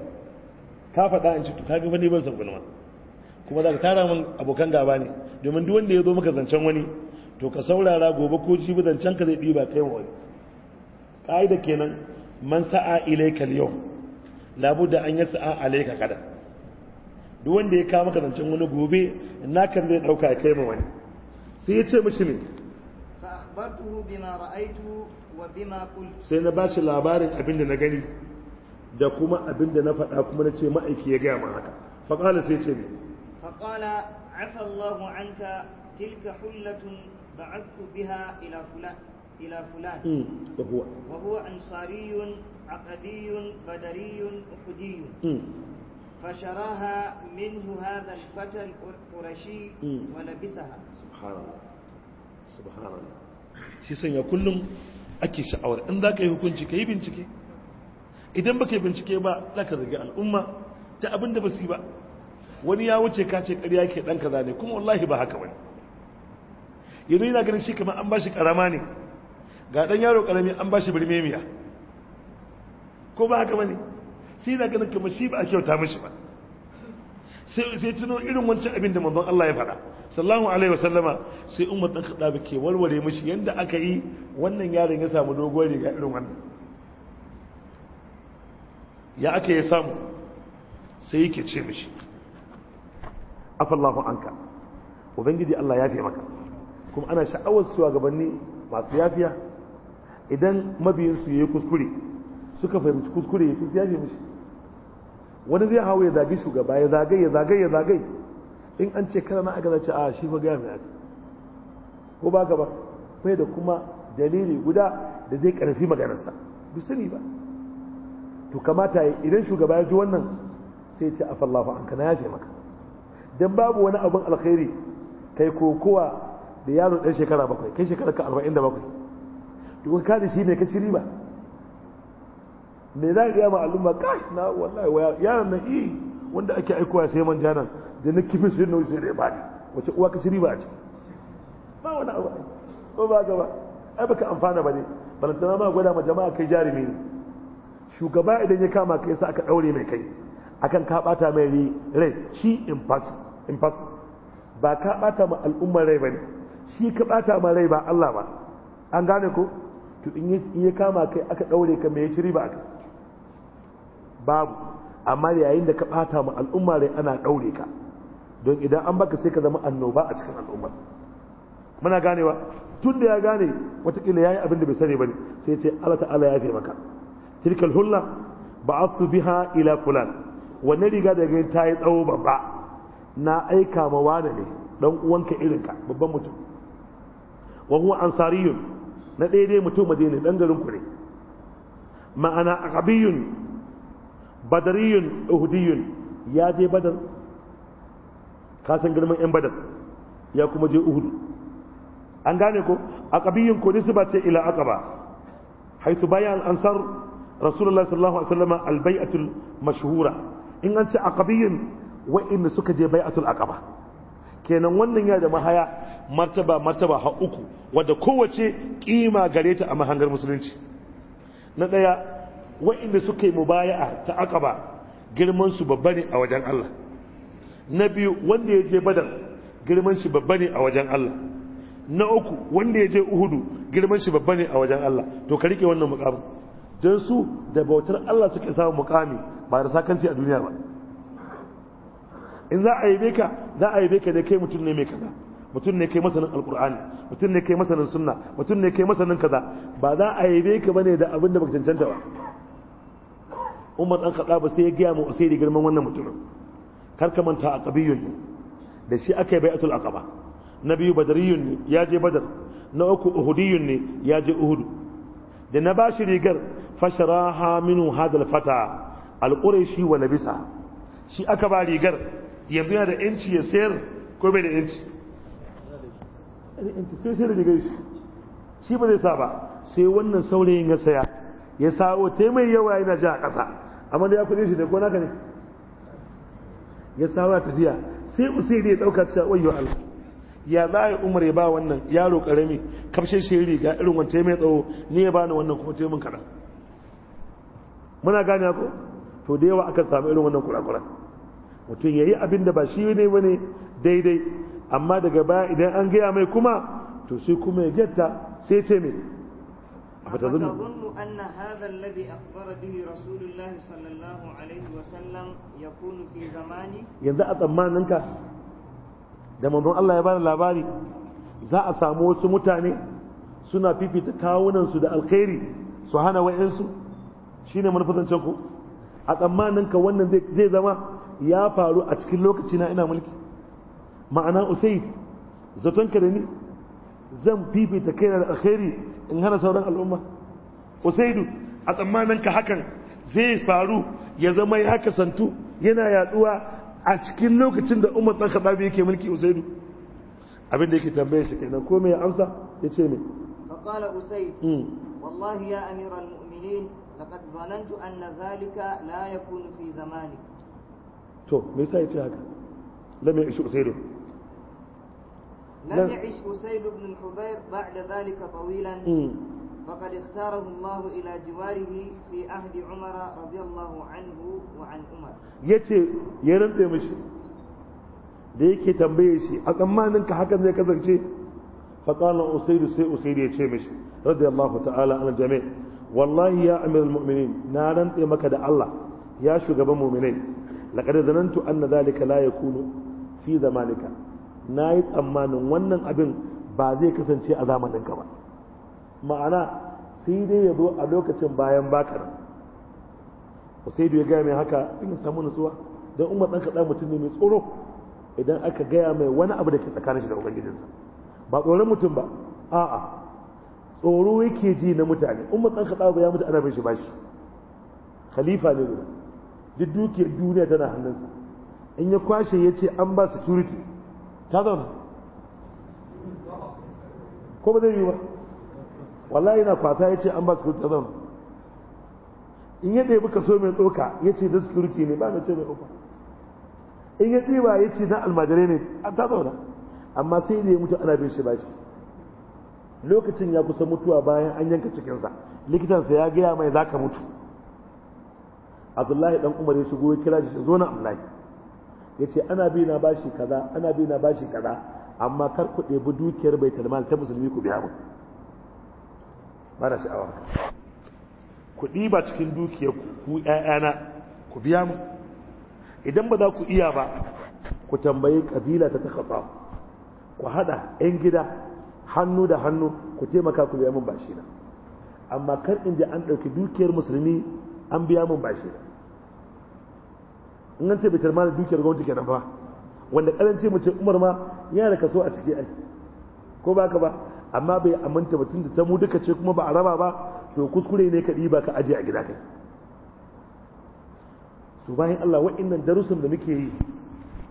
ka faɗa in ci ka ga wani ban san gulma kuma za ka tara min abokan gaba ne domin duk wanda ya zo maka zancen wani to ka saurara gobe ko jibi zancen ka zai ɗiba kai wa wani ka'ida kenan man sa'a ilaika yau da an yi sa'a alaika kada duk wanda ya kawo maka zancen wani gobe na kan zai ɗauka kai ma wani sai ya ce mishi ne fa akhbartuhu bima ra'aytu sai na ba shi labarin abin da na gani da kuma abin da na faɗa kuma na ce ma'aiki ya gaya ma haka faƙala sai ce ne faƙala afa Allahu anka tilka hullatun ba'athu biha ila fulan ila fulan wa huwa wa huwa ansariyun aqdiyun badariyun uhudiyun فشراها منه هذا الفتى القرشي ولبسها سبحان الله سبحان الله shi sanya kullum ake sha'awar in za ka yi hukunci ka yi bincike idan ba ka yi bincike ba za ka zargi al'umma ta abin da ba su yi ba wani ya wuce ka ce ƙarya ke ɗan kaza ne kuma wallahi ba haka wani yanzu yana ganin shi kamar an ba shi ƙarama ne ga ɗan yaro ƙarami an ba shi birmemiya ko ba haka ba ne sai yana ganin kamar shi ba a kyauta mashi ba sai tuno irin wancan abin da manzon Allah ya faɗa sallallahu alaihi wasallama sai umar dan khattab ke walware mishi yanda aka yi wannan yaron ya samu dogon riga irin wannan ya aka ya samu sai yake ce mishi afallahu anka ubangiji Allah ya fi maka kuma ana sha'awar su gabanni masu yafiya idan mabiyin ya yi kuskure suka fahimci kuskure ya fi yafi mishi wani zai hawo ya zagi shugaba ya zagai ya zagai ya zagai in an ce kana aka zace a ah, shi fa gami aka ko ba ba mai da kuma dalili guda da zai karfi maganarsa bi sani ba to kamata ya idan shugaba ya ji wannan sai ce fallafa an kana yaje maka dan babu wani abin alkhairi kai kokowa da yaro dan shekara bakwai kai shekara ka bakwai to ka da shi ne ka ci riba me za ka ga ma al'umma kai na wallahi yaron na i wanda ake aikowa sai man janan da na kifin shi nauyi sai riba ne wace uwa ka ci riba ce ba wani abu ne ko ba gaba ai baka amfana ba ne balantana ma gwada ma jama'a kai jarumi ne shugaba idan ya kama kai sa aka daure mai kai akan ka bata mai rai shi imfasu ba ka bata ma al'ummar rai ba ne shi ka bata ma rai ba Allah ba an gane ko to in ya kama kai aka daure ka mai shiri riba ka babu amma yayin da ka bata ma al'ummar rai ana daure ka don idan an baka sai ka zama annoba a cikin al'umma muna ganewa tun da ya gane watakila ya yi abin da bai sani ba ne sai ce Allah ta'ala ya fi maka tilkal hulla ba a biha ila fulan wannan riga da gani ta yi tsawo babba na aika ma wane ne dan uwanka ka babban mutum wa huwa ansariyun na daidai mutum madina dan garin ku ne ma'ana aqabiyun badariyun uhudiyun ya je badar ka girman yan badar ya kuma je uhudu an gane ko aqabiyyin ko nisba ce ila aqaba haythu baya al ansar rasulullah sallallahu alaihi wasallama al mashhura in an ce aqabiyyin wa'inda suka je bai'atul aqaba kenan wannan ya da mahaya martaba martaba ha uku wadda kowace kima gare ta a mahangar musulunci na daya wa'inda suka yi mubaya'a ta aqaba girman su babba ne a wajen Allah na biyu wanda ya je badar girman shi babba ne a wajen Allah na uku wanda ya je uhudu girman shi babba ne a wajen Allah to ka rike wannan mukamin don su da bautar Allah suka samu mukami ba da sakanci a duniya ba in za a yi beka za a yi beka da kai mutum ne mai kaza mutum ne kai masanin alkur'ani mutum ne kai masanin sunna mutum ne kai masanin kaza ba za a yi beka bane da abin da baka cancanta ba umar dan ba sai ya gaya mu sai da girman wannan mutumin karka manta a ƙabiyun da shi aka yi bai'atul aqaba na biyu badariyun ne ya je badar na uku uhudiyun ne ya je uhudu da na ba shi rigar fashara haminu hadal fata shi wa labisa shi aka ba rigar yanzu yana da yanci ya sayar ko bai da yanci sai sai da rigar shi shi ba zai sa ba sai wannan saurayin ya saya ya sa'o oh, taimai yawa yana ji a ƙasa amma da ya kuɗe shi da ko naka ne ya sawa tafiya sai usaid ya dauka cewa wayyo Allah ya za a yi umar ya ba wannan yaro karami kafshe shi riga irin wanda mai tsawo ni ya bani wannan kuma taimun kaɗan muna gane ko to da yawa akan samu irin wannan kurakura mutum ya yi abin da ba shi ne wani daidai amma daga baya idan an gaya mai kuma to sai kuma ya getta sai ce أفتظن أفتظن أن هذا الذي أخبر به رسول الله صلى الله عليه وسلم يكون في يبدأ أطمان da manzon Allah ya bada labari za a samu wasu mutane suna fifita kawunansu da alkhairi su hana wa'insu shi ne manufatancin ku a ka wannan zai zama ya faru a cikin lokaci na ina mulki ma'ana usai zatonka da ni zan fifita kai da alkhairi in hana sauran al'umma usaidu a tsammanin ka hakan zai faru ya zama ya kasantu yana yaduwa a cikin lokacin da umar ɗan khattabi yake mulki usaidu abin da yake tambaye shi kenan ko me ya amsa ya ce me فقال أسيد والله يا أمير المؤمنين لقد ظننت أن ذلك لا يكون في زمانك تو ميسا يتي هكا لم يعيش Usaidu? لم يعش أسيد بن الحضير بعد ذلك طويلا فقد اختاره الله إلى جواره في عهد عمر رضي الله عنه وعن عمر يتي يرنت مشي da yake tambaye shi a tsammanin ka hakan zai kasance faqala usayr sai usayr ya ce mishi radiyallahu ta'ala an jami' wallahi ya amir almu'minin na rantse maka da Allah ya shugaban mu'minai laqad zanantu anna dhalika la fi zamanika na yi tsammanin wannan abin ba zai kasance a zamanin ba ma'ana sai dai ya zo a lokacin bayan bakar sai da ya gaya mai haka in samu nutsuwa don umar ɗan kaɗan mutum ne mai tsoro idan aka gaya mai wani abu da ke tsakanin shi da ubangijinsa ba tsoron mutum ba a'a tsoro yake ji na mutane umar ɗan kaɗan ba ya mutu ana bin shi bashi khalifa ne duk dukiyar duniya tana hannunsa in ya kwashe ya ce an ba security ta zauna ko ba zai yi ba wallahi yana kwasa ya ce an ba security ta zauna in ya ɗaya so mai tsoka ya da security ne ba mai ce mai tsoka in ya ɗiba ya ce na almajirai ne an ta zauna amma sai da ya mutu ana bin shi ba shi lokacin ya kusa mutuwa bayan an yanka cikinsa likitansa ya gaya mai za ka mutu abdullahi dan umar ya shigo ya kira shi zo na abdullahi yace ana bi na bashi kaza ana bi na bashi kaza amma kar ku ɗebi dukiyar bai talmal ta musulmi ku biya mu ba da sha'awa ku ɗiba cikin dukiyar ku ƴaƴana ku biya mu idan ba za ku iya ba ku tambayi kabila ta ta kafa ku hada yan gida hannu da hannu ku taimaka ku biya mun bashi na amma kar in ji an ɗauki dukiyar musulmi an biya mun bashi na in an ce baitul mal dukiyar gwamnati kenan ba wanda karanci mu ce umar ma ya da kaso a ciki ai ko ba ka ba amma bai aminta ba tunda ta mu duka ce kuma ba a raba ba to kuskure ne ka ɗiba ka aje a gida kai su bayan Allah wa'annan darussan da muke yi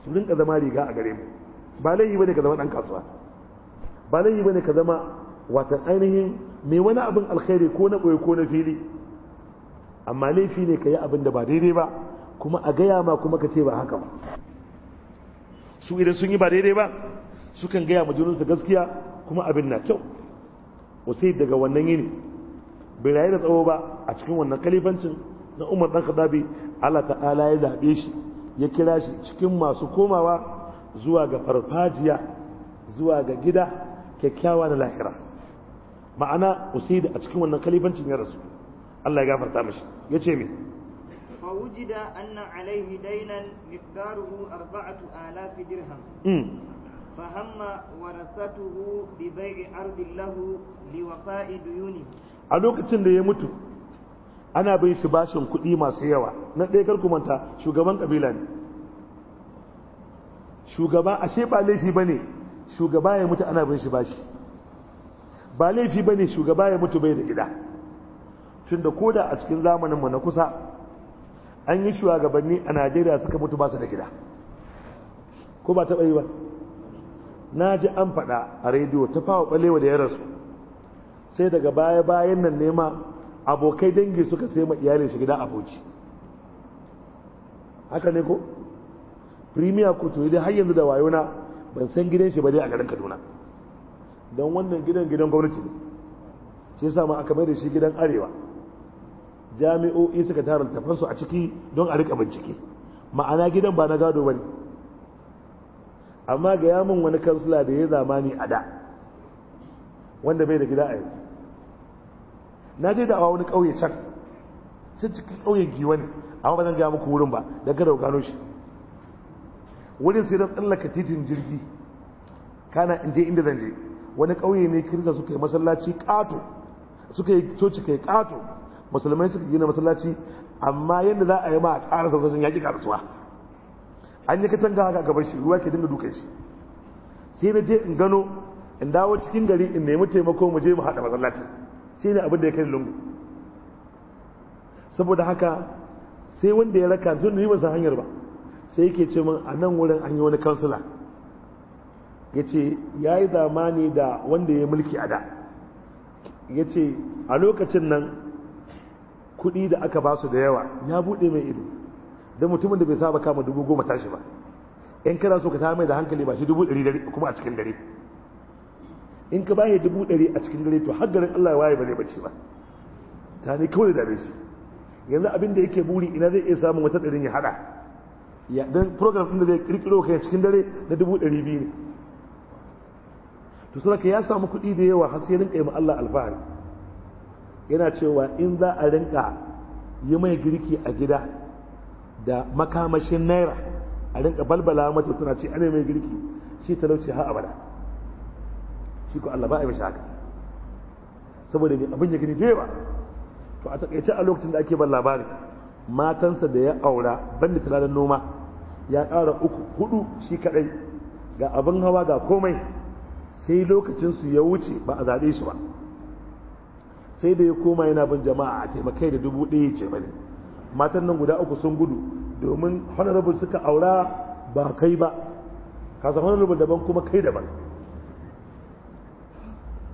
su rinka zama riga a gare mu ba yi bane ka zama dan kasuwa ba yi bane ka zama watan ainihin mai wani abin alkhairi ko na ɓoye ko na fili amma laifi ne ka yi abin da ba daidai ba kuma a gaya ma kuma ka ce ba haka ba su idan sun yi ba daidai ba sukan gaya ma junansu gaskiya kuma abin na kyau wasai daga wannan yini bai rayu da tsawo ba a cikin wannan kalifancin na umar ɗan kadabi Allah ta'ala ya zaɓe shi ya kira shi cikin masu komawa zuwa ga farfajiya zuwa ga gida kyakkyawa na lahira ma'ana usaid a cikin wannan kalifancin ya rasu Allah ya gafarta mashi ya ce mai فوجد أن عليه دينا مقداره أربعة آلاف درهم فهم ورثته ببيع أرض له لوفاء ديونه a lokacin da ya mutu ana bai shi bashin kuɗi masu yawa na ɗaya karku manta shugaban ƙabila ne shugaba ashe ba laifi ba ne shugaba ya mutu ana bai shi bashi ba laifi ba ne shugaba ya mutu bai da gida tun da koda a cikin zamaninmu na kusa an yi shugabanni a najeriya suka mutu basu da gida ko ba taɓa yi ba na ji an faɗa a rediyo ta fawa ɓalewa da ya rasu sai daga baya-bayan nan nema abokai dangi suka sai ma iyalin shi gida aboci haka ne ko premier kuto idan har yanzu da wayona ban san gidan shi ba dai a garin kaduna don wannan gidan gidan gwamnati ne shi yasa ma aka mai da shi gidan arewa jami'o'i suka tara littafansu a ciki don a rika bincike ma'ana gidan ba na gado bane amma ga yamin wani kansila da ya zamani a da wanda bai da gida a yanzu na je da'awa wani ƙauye can sun ciki ƙauyen giwa ne amma ba zan gaya muku wurin ba da kada ku gano shi wurin sai don tsallaka titin jirgi kana in je inda zan je wani ƙauye ne kirista suka yi masallaci ƙato suka yi coci kai ƙato musulmai suka gina masallaci amma yadda za a yi ma a ƙara sun yaƙi ƙarsuwa an yi katanga haka gaban shi ruwa ke dinga dukai shi sai na je in gano in dawo cikin gari in nemi taimako mu je mu haɗa masallaci shi ne abin da ya kai lungu saboda haka sai wanda ya raka tun ni yi hanyar ba sai yake ce min a nan wurin an yi wani kansila ya ce ya yi zamani da wanda ya mulki a da ya ce a lokacin nan kuɗi da aka ba su da yawa ya buɗe mai ido don mutumin da bai saba kama dubu goma tashi ba in kana so ka ta mai da hankali ba shi dubu dari dari kuma a cikin dare in ka bayi dubu dari a cikin dare to har garin Allah ya waye ba zai bace ba ta ne kawai da shi yanzu abin da yake buri ina zai iya samun wata ɗarin ya haɗa ya dan program ɗin da zai kirkiro kai cikin dare na dubu dari biyu ne sai ka ya samu kuɗi da yawa har sai rinka yi ma Allah alfahari yana cewa in za a rinka yi mai girki a gida da makamashin naira a rinka balbala mata suna ce ana mai girki shi talauci ha abada shi ko Allah ba a yi saboda ne abin ya gani da yawa to a takaice a lokacin da ake ban labari matansa da ya aura banda tunanin noma ya ƙara uku hudu shi kaɗai ga abin hawa ga komai sai lokacinsu ya wuce ba a zaɓe su ba sai da ya koma yana bin jama'a a taimakai da dubu ɗaya ce bane matan nan guda uku sun gudu domin honorable suka aura ba kai ba kasa honorable daban kuma kai daban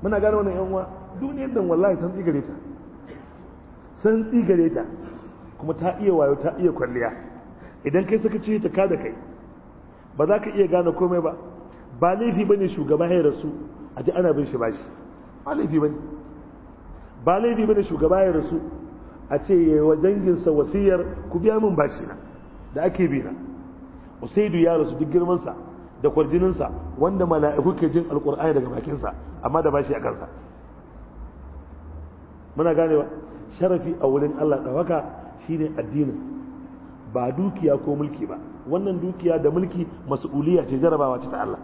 muna gane wannan yan uwa duniyar nan wallahi san tsigare ta san tsigare ta kuma ta iya wayo ta iya kwalliya idan kai suka ce ta ka da kai ba za ka iya gane komai ba ba laifi bane shugaba ya a ji ana bin shi shi ba laifi bane ba laifi da shugaba ya rasu a ce ya yi wa janginsa wasiyar ku biya min bashi na da ake bi na usaidu ya rasu duk girmansa da kwarjininsa wanda mala'iku ke jin alkur'ani daga bakinsa amma da bashi a kansa muna gane ganewa sharafi a wurin Allah ɗawaka shine addinin ba dukiya ko mulki ba wannan dukiya da mulki mas'uliya ce jarabawa ce ta Allah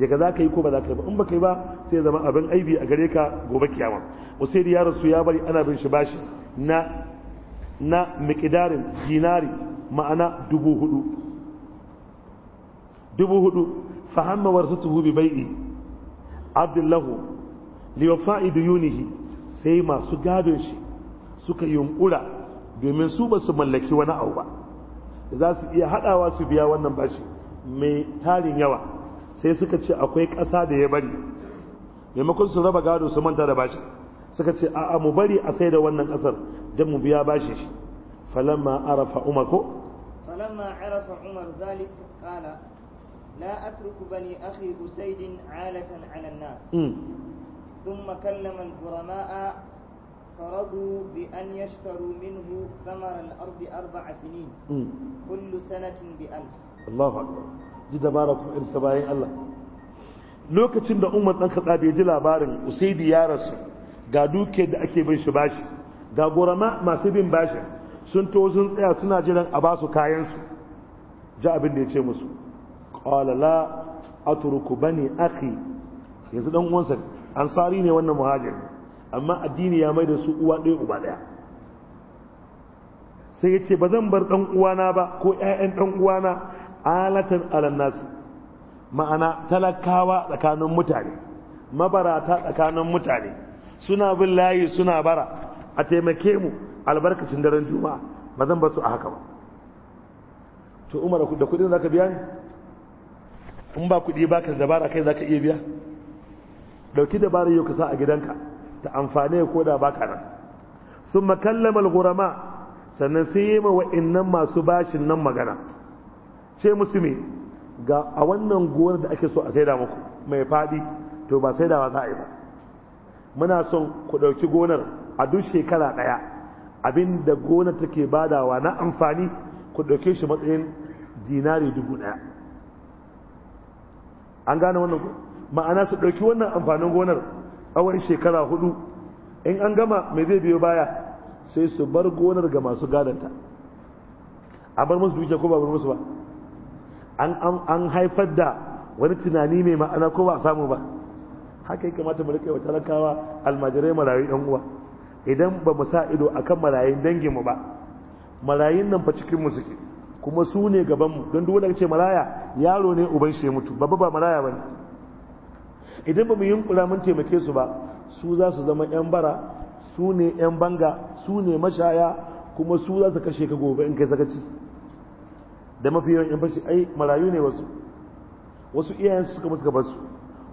yaga za ka yi ko ba za ka yi ba in ba ka yi ba sai zama abin aibi a gare ka gobe kiyama usaid ya rasu ya bari ana bin shi bashi na na miqdarin dinari ma'ana dubu hudu dubu hudu fa hamma warasatuhu bi bai'i abdullahu liwafa'i yunihi sai masu gadon shi suka yunkura domin su ba su mallaki wani abu ba za su iya hadawa su biya wannan bashi mai tarin yawa sai suka ce akwai ƙasa da ya bari maimakon su raba gado su manta da bashi suka ce a'a mu bari a sai da wannan ƙasar don mu biya bashi shi falamma arafa umar ko falamma arafa umar zalik qala لا أترك بني أخي أسيد nas thumma kallama al ثم faradu bi an yashtaru minhu منه al-ardi arba'a sinin kullu sanatin bi بألف الله أكبر ji dabara kuma irin bayan Allah lokacin da Umar dan Khattab bai ji labarin Usaidi ya rasu ga duke da ake bin shi bashi ga gorama masu bin bashi sun to sun tsaya suna jiran a basu su kayan su ji abin da ya ce musu qala la ba bani akhi yanzu dan uwansa ansari ne wannan muhajir amma addini ya mai da su uwa ɗaya uba ɗaya sai ya ce ba zan bar ɗan uwana ba ko ƴaƴan ɗan uwana alatan alannas ma'ana talakawa tsakanin mutane mabarata tsakanin mutane suna bin layi suna bara a taimake mu albarkacin daren juma'a ba zan basu a haka ba to umar da kudin zaka biya ne in ba kudi ba ka dabara kai zaka iya biya dauki dabara yau ka sa a gidanka ta amfane ko da baka nan sun makallama al sannan sai yi ma wa'annan masu bashin nan magana ce musu me ga a wannan gonar da ake so a saida muku mai fadi to ba saidawa za a yi ba muna son ku ɗauki gonar a duk shekara ɗaya abinda gonar take badawa na amfani ku ɗauke shi matsayin dinari dubu ɗaya an gane wannan ma'ana su ɗauki wannan amfanin gonar tsawon shekara hudu in an gama mai zai biyo baya sai su bar gonar ga masu gadanta a bar musu dukiya ko ba bar musu ba an haifar da wani tunani mai ma'ana ko ba samu ba haka ya kamata mu rika wa talakawa almajirai marayu yan uwa idan ba mu sa ido akan marayun dangin mu ba marayun nan fa cikin mu suke kuma su ne gaban don duk wanda ce maraya yaro ne uban shi mutu babba ba maraya bane idan ba mu kula mun taimake su ba su za su zama yan bara su ne yan banga su ne mashaya kuma su za su kashe ka gobe in kai sakaci da mafi yawan yan fashi ai marayu ne wasu wasu iyayen su suka musu basu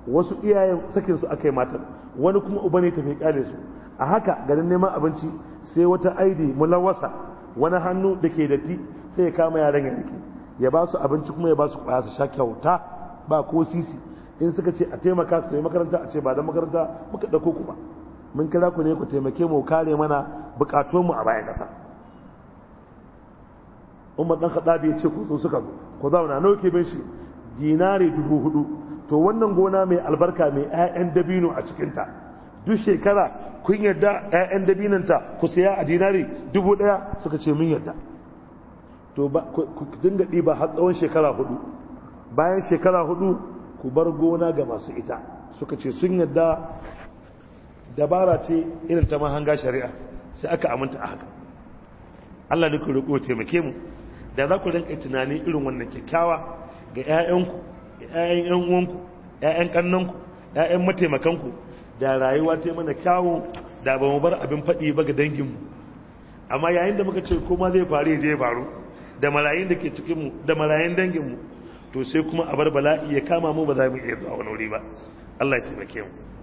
wasu iyayen sakin su akai matan wani kuma uba ne tafi kare su a haka garin neman abinci sai wata aidi mulawasa wani hannu da ke datti sai ya kama yaran ya dake ya ba su abinci kuma ya ba su kwaya su sha kyauta ba ko sisi in suka ce a taimaka su makaranta a ce ba da makaranta muka dauko ku ba mun kira ku ne ku taimake mu kare mana bukatunmu a bayan kasa umar dan khattab ya ce ku so suka zo ku zauna nawa ke bin shi dinari dubu hudu to wannan gona mai albarka mai 'ya'yan dabino a cikin ta duk shekara kun yarda 'ya'yan dabinanta ku saya a dinari dubu ɗaya suka ce mun yarda to ku dinga ɗiba har tsawon shekara hudu bayan shekara hudu ku bar gona ga masu ita suka ce sun yarda dabara ce irin ta mahanga shari'a sai aka aminta a haka Allah ne ku riko taimake mu da za ku rinka tunani irin wannan kyakkyawa ga 'ya'yanku ga 'ya'yan 'yan uwanku 'ya'yan kannanku 'ya'yan mataimakanku da rayuwa ta mana kyawu da ba mu bar abin faɗi ba ga danginmu amma yayin da muka ce kuma zai faru ya je ya faru da marayun da ke mu da marayun danginmu to sai kuma a bar bala'i ya kama mu ba za mu iya zuwa wani wuri ba Allah ya taimake mu